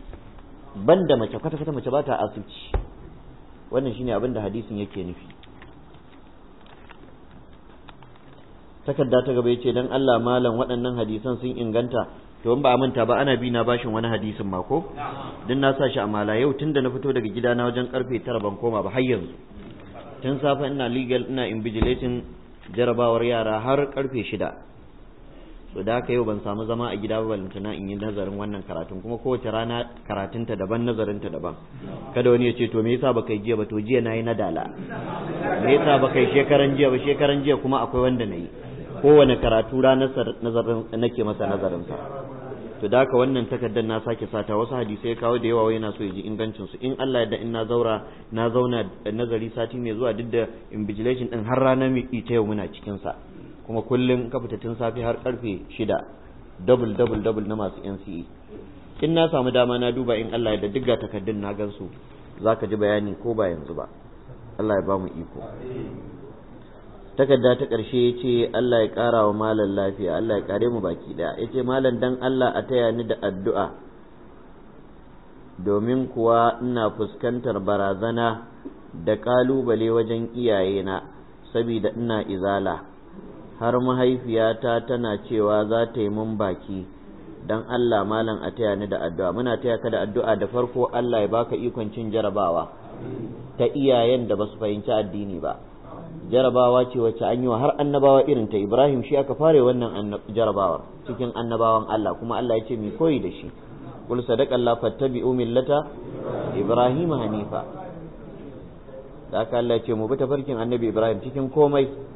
banda mace kwata kwata mace ba ta wannan shine abin da hadisin yake nufi takarda ta gaba yace dan Allah malam waɗannan hadisan sun inganta to in ba a manta ba ana bi na bashin wani hadisin ma ko din na sa shi a mala yau tunda na fito daga gida na wajen karfe 9 ban koma ba har yanzu tun safe ina legal ina invigilating jarabawar yara har karfe shida so da haka yau ban samu zama a gida ba balantana in yi nazarin wannan karatun kuma kowace rana karatunta daban nazarinta daban kada wani ya ce to me yasa kai jiya ba to jiya nayi na dala me yasa kai shekaran jiya ba shekaran jiya kuma akwai wanda nayi kowane karatu ranar nazarin nake masa nazarin sa to da haka wannan takardar na sake sata wasu hadisai kawo da yawa yana so ya ji ingancin su in Allah da in na zaura na zauna eh, nazari sati mai zuwa duk da invigilation din har rana ita yau muna cikin sa kuma kullum ka fita tun safe har karfe shida double double double na masu NCE in na samu dama na duba in Allah ya da duk takardun na gansu ka ji bayani ko ba yanzu ba Allah ya ba mu iko takarda ta ƙarshe ya ce Allah ya ƙara wa malam lafiya Allah ya ƙare mu baki ɗaya ya ce malam dan Allah a taya ni da addu'a domin kuwa ina fuskantar barazana da ƙalubale wajen iyayena saboda ina izala har mahaifiyata tana cewa za ta yi mun baki don Allah malam a taya ni da addu'a muna taya ka da addu'a da farko Allah ya baka ikon cin jarabawa ta iyayen da basu fahimci addini ba jarabawa ce wacce an yi wa har annabawa irin ta Ibrahim shi aka fare wannan jarabawar cikin annabawan Allah kuma Allah ya ce mi koyi da shi kul sadaqallahu fattabi'u millata Ibrahim hanifa da aka Allah ya ce mu bi tafarkin annabi Ibrahim cikin komai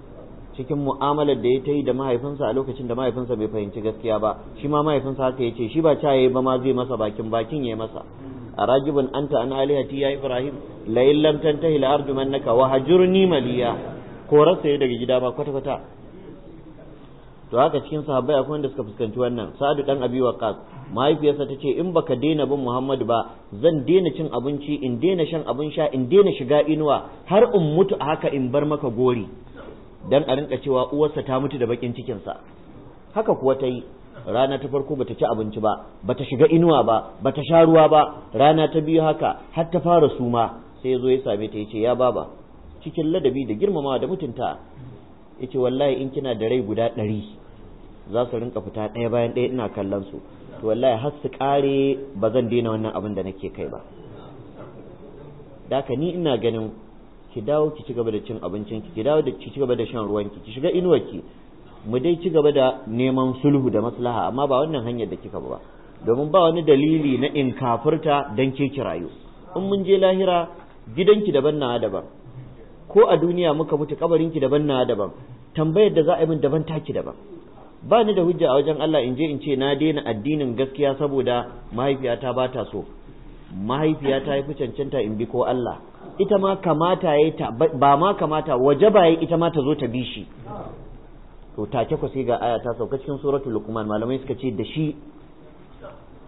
cikin mu'amalar da ya ta yi da mahaifinsa a lokacin da mahaifinsa bai fahimci gaskiya ba shi ma mahaifinsa haka ya ce shi ba ca yayi ba ma zai masa bakin bakin ya masa a rajibin anta an alihati ya ibrahim la illam tantahi la manaka wa hajurni maliya rasa ya daga gida ba kwata kwata to haka cikin sahabbai akwai wanda suka fuskanci wannan sa'adu dan abi waqas mahaifiyarsa ta ce in baka daina bin muhammad ba zan daina cin abinci in daina shan abin sha in daina shiga inuwa har in mutu a haka in bar maka gori dan a rinka cewa uwarsa ta mutu da bakin cikinsa haka kuwa ta yi rana ta farko bata ci abinci ba bata shiga inuwa ba bata sha ruwa ba rana ta biyu haka har ta fara suma sai ya zo ya same ta ya ce ya baba cikin ladabi da girmamawa da mutunta ya ce wallahi in kina da rai guda ɗari za su rinka fita ɗaya bayan ɗaya ina kallon su to wallahi har su ƙare ba zan daina wannan abin da nake kai ba daka ni ina ganin ki dawo ki cigaba da cin abincin ki dawo da ki cigaba da shan ruwan ki ki shiga inuwar ki mu dai ci gaba da neman sulhu da maslaha amma ba wannan hanyar da kika ba domin ba wani dalili na in kafirta dan ke ki rayu in mun je lahira gidanki daban na daban ko a duniya muka mutu ki daban na daban tambayar da za a yi min daban taki daban ba ni da hujja a wajen Allah in je in ce na daina addinin gaskiya saboda mahaifiyata ba ta so mahaifiyata ya fi cancanta in bi ko Allah ita ma kamata ya ta ba ma kamata waje ba ita ma ta zo ta shi to take ku sai ga aya ta sauka cikin suratul luqman malamai suka ce da shi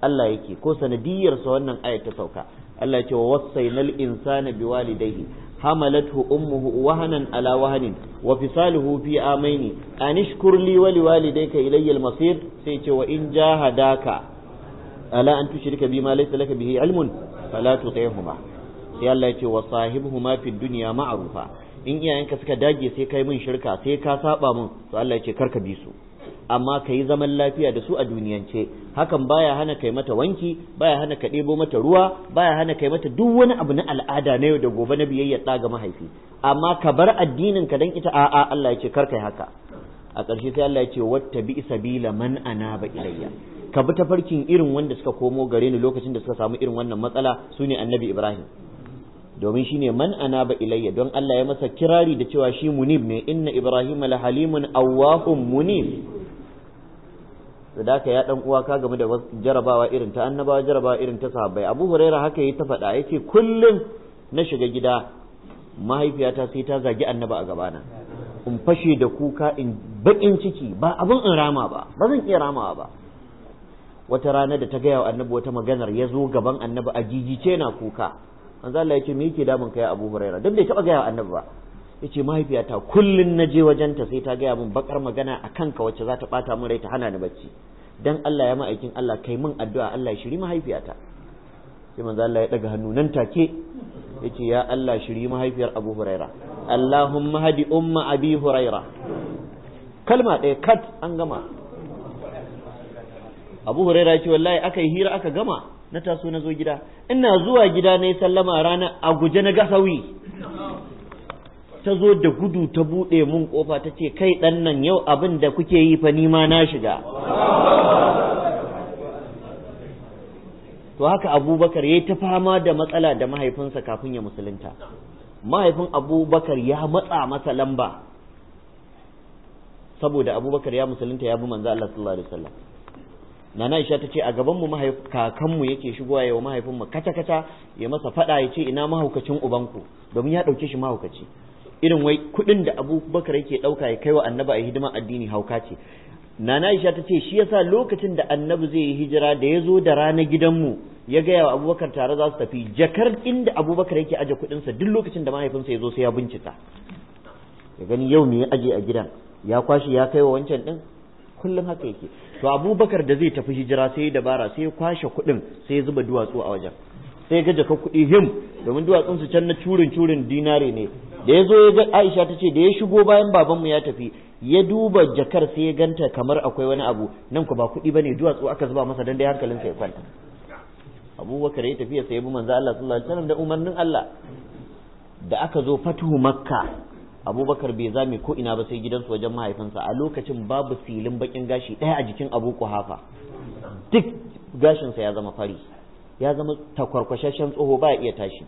Allah yake ko sanadiyar sa wannan aya ta sauka Allah yake wasainal insana biwalidayhi hamalathu ummuhu wahanan ala wahanin wa fisaluhu fi amaini anishkur li wa ilayya almasir sai ce wa in jahadaka ala an tushrika bima laysa laka bihi ilmun fala tuti'huma sai Allah ya ce wa ma fi dunya ma'rufa in iyayenka suka dage sai kai min shirka sai ka saba mun to Allah ya ce karka bi su amma ka yi zaman lafiya da su a duniyance hakan baya hana kai mata wanki baya hana ka ɗebo mata ruwa baya hana kai mata duk wani abu na al'ada na yau da gobe na biyayya da ga mahaifi amma ka bar addinin ka dan ita a'a Allah ya ce kar yi haka a ƙarshe sai Allah ya ce watta bi sabila man anaba ilayya ka bi tafarkin irin wanda suka komo gare ni lokacin da suka samu irin wannan matsala sune annabi Ibrahim domin shine man anaba ilayya don Allah ya masa kirari da cewa shi munib ne inna Ibrahim la halimun awwahum munib da haka ya dan uwa ka game da jarabawa irin ta annabawa jarabawa irin ta sahabbai abu huraira haka yi ta faɗa yace kullum na shiga gida mahaifiyata sai ta zagi annaba a gabana in fashe da kuka in bakin ciki ba abin in rama ba ba zan iya ramawa ba wata rana da ta gaya wa annabi wata maganar ya zo gaban annabi a jijice na kuka manzo Allah yake me yake damun kai Abu Hurairah dan bai taba gaya annabi ba yace mahaifiyata kullun naje wajenta sai ta gaya min bakar magana akan ka wacce za ta bata min rai ta hana ni bacci dan Allah ya ma'aikin Allah kai mun addu'a Allah ya shiri mahaifiyata sai manzo Allah ya daga hannu nan take yace ya Allah shiri mahaifiyar Abu Hurairah Allahumma hadi umma Abi Hurairah kalma ɗaya kat an gama Abu hurairah ya ce wallahi aka yi hira aka gama na taso na zo gida ina zuwa gida na yi sallama rana a guje na gasawi ta zo da gudu ta buɗe mun ƙofa ta ce kai ɗan nan yau abin da kuke yi fa nima na shiga to haka abubakar ya yi ta fama da matsala da mahaifinsa kafin ya musulunta mahaifin abubakar ya matsa masa lamba saboda abubakar ya musulunta ya bi manzo Allah sallallahu alaihi wasallam nana Aisha ta ce a gaban mu kakanmu yake shigowa yawa mahaifin mu kata kata ya masa fada ya ce ina mahaukacin ubanku domin ya dauke shi mahaukaci irin wai kuɗin da Abubakar yake ɗauka ya kai wa Annabi a hidima addini hauka ce nana Aisha ta ce shi yasa lokacin da Annabi zai yi hijira da ya zo da rana gidanmu ya gaya wa Abubakar tare za su tafi jakar inda Abubakar yake aje sa duk lokacin da mahaifinsa ya zo sai ya bincika ya gani yau me ya aje a gidan ya kwashi ya kai wa wancan ɗin kullum haka yake to abubakar da zai tafi hijira sai ya dabara sai ya kwashe kuɗin sai ya zuba duwatsu a wajen sai ga jaka kuɗi him domin duwatsun su can na curin curin dinare ne da ya zo ya ga aisha ta ce da ya shigo bayan babanmu ya tafi ya duba jakar sai ya ganta kamar akwai wani abu nan ku ba kuɗi ne, duwatsu aka zuba masa dan dai hankalin sa ya kwanta abubakar ya tafi sai ya bi manzo Allah sallallahu alaihi wasallam da umarnin Allah da aka zo fatuhu makka abubakar bai zame ko ina ba sai gidansu wajen mahaifinsa a lokacin babu filin bakin gashi ɗaya a jikin abu kuhafa duk gashinsa ya zama fari ya zama takwarkwashashen tsoho ba iya tashi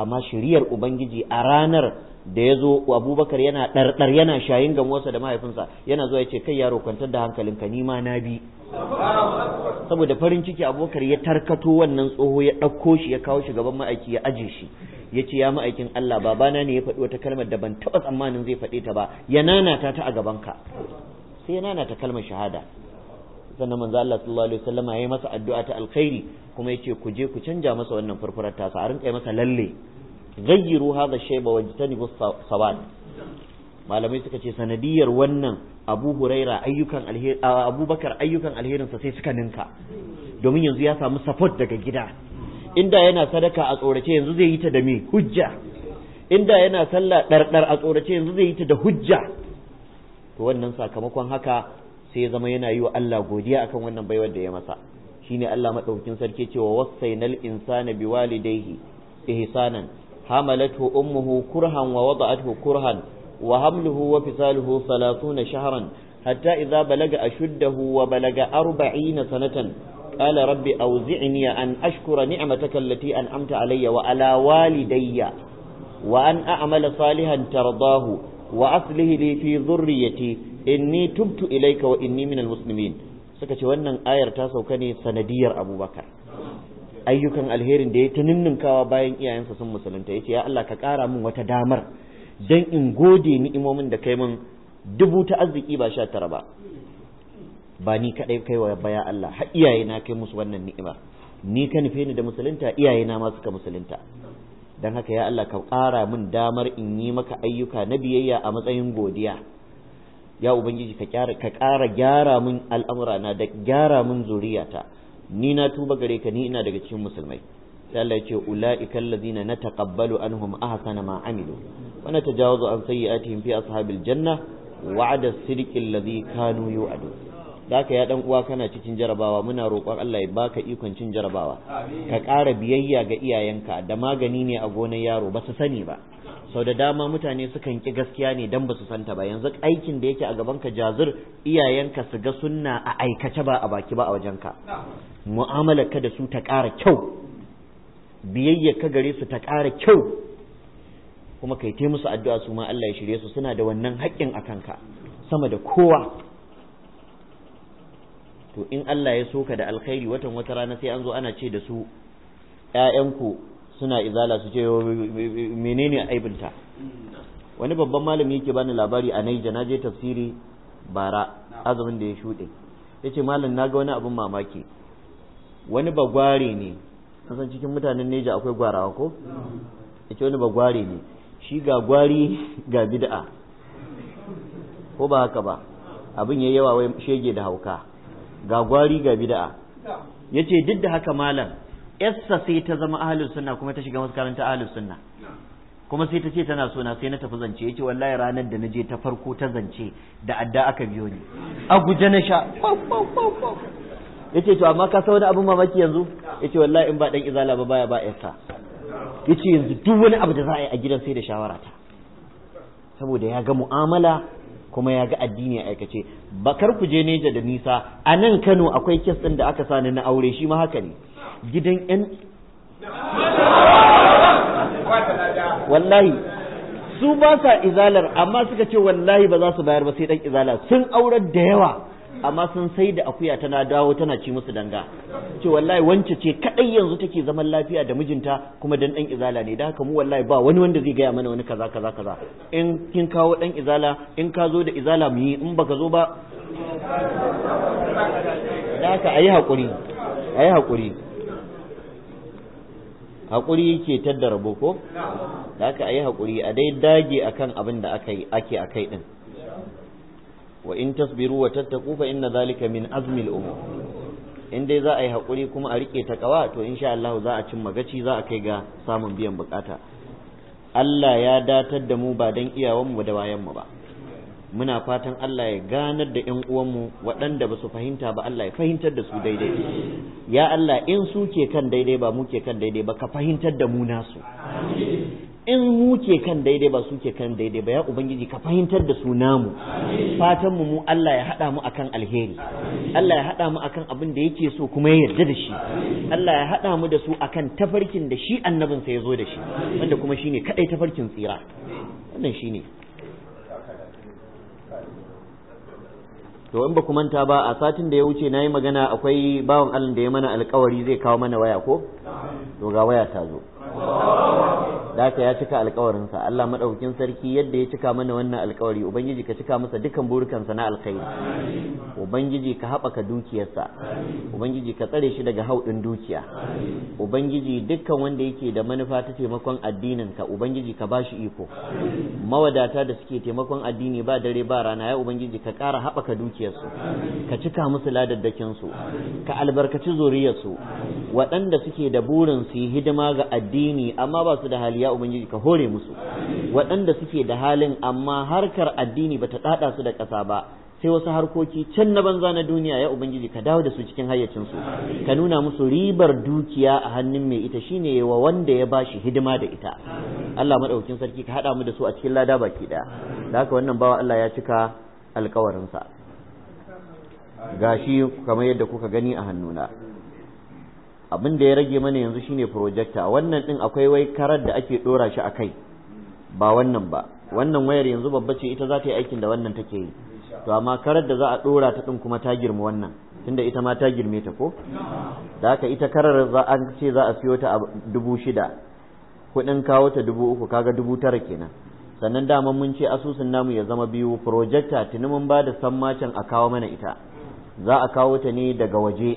amma shiriyar ubangiji a ranar da ya zo abubakar yana ɗarɗar yana shayin gamuwarsa da mahaifinsa yana zuwa ya ce kai yaro kwantar da hankalinka ni ma na bi saboda farin ciki abubakar ya tarkato wannan tsoho ya ɗauko shi ya kawo shi gaban ma'aiki ya aje shi ya ce ya ma'aikin Allah babana ne ya faɗi wata kalmar da ban taɓa tsammanin zai faɗe ta ba ya nanata ta a gabanka sai ya nanata kalmar shahada sannan manzo Allah sallallahu alaihi wasallama ya yi masa addu'a ta alkhairi kuma ya ce ku je ku canja masa wannan furfurar tasa a rinka masa lalle ghayyiru hadha shayba bis sawad malamai suka ce sanadiyar wannan Abu Huraira ayyukan alheri Abubakar ayyukan alherinsa sai suka ninka domin yanzu ya samu support daga gida inda yana sadaka a tsorace yanzu zai yi ta da me hujja inda yana sallah ɗarɗar a tsorace yanzu zai yi ta da hujja to wannan sakamakon haka sai ya zama yana yi wa Allah godiya akan wannan baiwar da ya masa shine Allah madaukakin sarki cewa wasainal insana biwalidayhi ihsanan hamalathu ummuhu kurhan wa wada'athu kurhan wa hamluhu wa fisaluhu 30 shahran hatta idza balaga ashuddahu wa balaga 40 sanatan قال ربي أوزعني أن أشكر نعمتك التي أنعمت علي وعلى والدي وأن أعمل صالحا ترضاه وأصله لي في ذريتي إني تبت إليك وإني من المسلمين سكت wannan ayar ta sauka ne sanadiyar Abubakar. ayyukan alherin da ya tuninninkawa bayan iyayensa sun musulunta ya ce ya Allah ka ƙara min wata damar don in gode ni'imomin da kai min dubu ta arziki ba sha tara ba ba ni kadai kai wa baya Allah har iyaye na kai musu wannan ni'ima ni ka nufe ni da musulunta iyaye na ma suka musulunta dan haka ya Allah ka ƙara min damar in yi maka ayyuka na biyayya a matsayin godiya ya ubangiji ka ƙara gyara min al'amura na da gyara min zuriyata ni na tuba gare ka ni ina daga cikin musulmai sai Allah ya ce ulaika allazina nataqabbalu anhum ahsana ma amilu wa natajawazu an sayyi'atihim fi ashabil janna wa'ada as-sidqi kanu yu'adu da haka ya dan uwa kana cikin jarabawa muna roƙon Allah ya baka ikon cin jarabawa ka ƙara biyayya ga iyayenka da magani ne a gonar yaro ba su sani ba sau da dama mutane sukan ki gaskiya ne dan ba su santa ba yanzu aikin da yake a gabanka jazir iyayenka su ga sunna a aikace ba a baki ba a wajenka mu'amalar ka da su ta ƙara kyau biyayyar ka gare su ta ƙara kyau kuma kai ta musu addu'a su ma Allah ya shirye su suna da wannan haƙƙin a kanka sama da kowa to in Allah ya soka da alkhairi watan wata rana sai an zo ana ce da su ƴaƴanku suna izala su ce menene aibinta wani babban malami yake bani labari a Naija na je tafsiri bara azumin da ya shuɗe yace malam na ga wani abin mamaki wani bagware ne san cikin mutanen Neja akwai gwarawa ko yace wani bagware ne shi ga gwari ga bid'a ko ba haka ba abin yayi yawa wai shege da hauka ga gwari ga bid'a yace duk da haka malam yassa sai ta zama ahlus sunna kuma ta shiga maskaranta ahlus sunna kuma sai ta ce tana sona sai na tafi zance yace wallahi ranar da naje ta farko ta zance da adda aka biyo ni a guje na sha yace to amma ka sauna abin mamaki yanzu yace wallahi in ba dan izala ba baya ba yassa yace yanzu duk wani abu da za a yi a gidan sai da shawara ta saboda ya ga mu'amala kuma ya ga addini a aikace bakar ku je neja da nisa a nan kano akwai kes ɗin da aka sani na aure shi ma haka ne gidan yan wallahi su ba sa izalar amma suka ce wallahi ba za su bayar ba sai dan izala sun aurar da yawa amma sun sai da akuya tana dawo tana ci musu danga ce wallahi wance ce kadai yanzu take zaman lafiya da mijinta kuma dan dan izala ne da haka mu wallahi ba wani wanda zai gaya mana wani kaza kaza kaza in kin kawo dan izala in ka zo da izala mu yi in baka zo ba da haka ayi hakuri ayi hakuri hakuri yake tadda rabo ko da haka ayi hakuri a dai dage akan abin da akai ake akai din wa in tasbiru wa tattaku fa inna zalika min azmil umur in dai za a yi hakuri kuma a rike takawa to insha Allah za a cimma gaci za a kai ga samun biyan bukata Allah ya datar da mu ba dan mu da mu ba muna fatan Allah ya ganar da ƴan uwanmu waɗanda ba su fahimta ba Allah ya fahimtar da su daidai ya Allah in su ke kan daidai ba mu ke kan daidai ba ka fahimtar da mu nasu in mu ke kan daidai ba su ke kan daidai ba ya ubangiji ka fahimtar da su namu fatan mu mu Allah ya hada mu akan alheri Allah ya hada mu akan abin da yake so kuma ya yarda da shi Allah ya hada mu da su akan tafarkin da shi annabin sa ya zo da shi wanda kuma shine kadai tafarkin tsira wannan shine to in ba ku manta ba a satin da ya wuce nayi magana akwai bawan Allah da ya mana alkawari zai kawo mana waya ko to ga waya ta zo daka ya cika alkawarinsa Allah maɗaukin sarki yadda ya cika mana wannan alkawari ubangiji ka cika masa dukan burukansa na alkhairi ubangiji ka haɓaka dukiyarsa ubangiji ka tsare shi daga hauɗin dukiya ubangiji dukkan wanda yake da manufa ta taimakon addininka ubangiji ka ba shi iko mawadata da suke taimakon addini ba dare ba rana ya ubangiji ka ƙara haɓaka dukiyarsu ka cika musu ladaddakin su ka albarkaci zuriyarsu waɗanda suke da burin su yi hidima ga addini addini amma ba su da hali ya ubangiji ka hore musu waɗanda suke da halin amma harkar addini ba ta ɗaɗa su da ƙasa ba sai wasu harkoki can na banza na duniya ya ubangiji ka dawo da su cikin hayyacinsu ka nuna musu ribar dukiya a hannun mai ita shine wa wanda ya bashi hidima da ita Allah maɗaukin sarki ka haɗa mu da su a cikin lada baki ɗaya da haka wannan bawa Allah ya cika alkawarinsa gashi kamar yadda kuka gani a hannuna abin da ya rage mana yanzu shine projector wannan din akwai wai karar da ake dora shi akai ba wannan ba wannan wayar yanzu babba ce ita za ta yi aikin da wannan take yi to amma karar da za a dora ta din kuma ta girma wannan tunda ita ma ta girme ta ko da haka ita karar za an ce za a siyo ta a dubu shida kuɗin kawo ta dubu uku kaga dubu tara kenan sannan dama mun ce asusun namu ya zama biyu projector tuni mun ba da sammacin a kawo mana ita za a kawo ta ne daga waje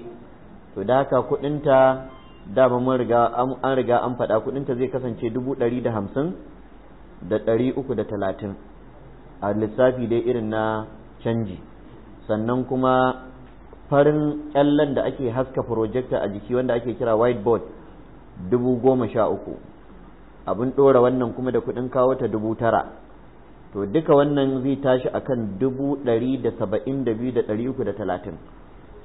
to da haka kuɗinta dama mun riga an riga an faɗa kuɗinta zai kasance dubu ɗari da hamsin da ɗari uku da talatin a lissafi dai irin na canji sannan kuma farin ƙyallen da ake haska projector a jiki wanda ake kira whiteboard dubu goma sha uku abin ɗora wannan kuma da kuɗin kawo ta dubu tara to duka wannan zai tashi akan dubu ɗari da saba'in da biyu da ɗari uku da talatin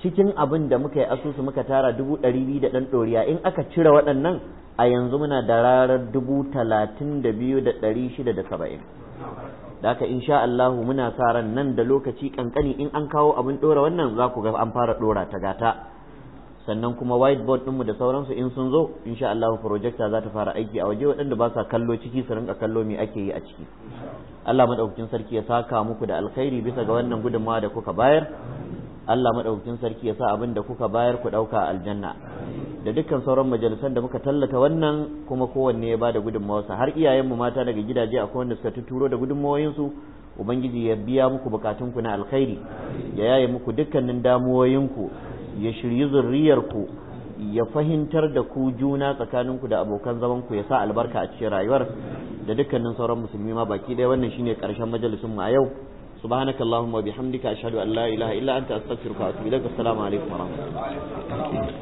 cikin abin da muka yi asusu muka tara dubu ɗari biyu da ɗan ɗoriya in aka cire waɗannan a yanzu muna da rarar dubu talatin da biyu da ɗari shida da saba'in da haka insha Allahu muna sa ran nan da lokaci kankani in an kawo abin ɗora wannan za ku ga an fara ɗora ta gata sannan kuma whiteboard ɗinmu da sauransu in sun zo insha Allahu projector za ta fara aiki a waje waɗanda ba sa kallo ciki su rinka kallo me ake yi a ciki Allah madaukakin sarki ya saka muku da alkhairi bisa ga wannan gudunmawa da kuka bayar Allah madaukakin sarki ya sa abin da kuka bayar ku dauka aljanna da dukkan sauran majalisan da muka tallata wannan kuma kowanne ya bada gudunmawarsa har iyayen mu mata daga gidaje akwai wanda suka tuturo da su ubangiji ya biya muku bukatun ku na alkhairi ya yaye muku dukkanin damuwoyin ku ya zuriyar ku ya fahimtar da ku juna tsakanin ku da abokan ku ya sa albarka a cikin rayuwar da dukkanin sauran musulmi ma baki ɗaya wannan shine ƙarshen mu a yau subhanakallahumma wa bihamdika ashhadu an illa anta astaghfiruka wa atubu ilaik assalamu alaikum wa rahmatullahi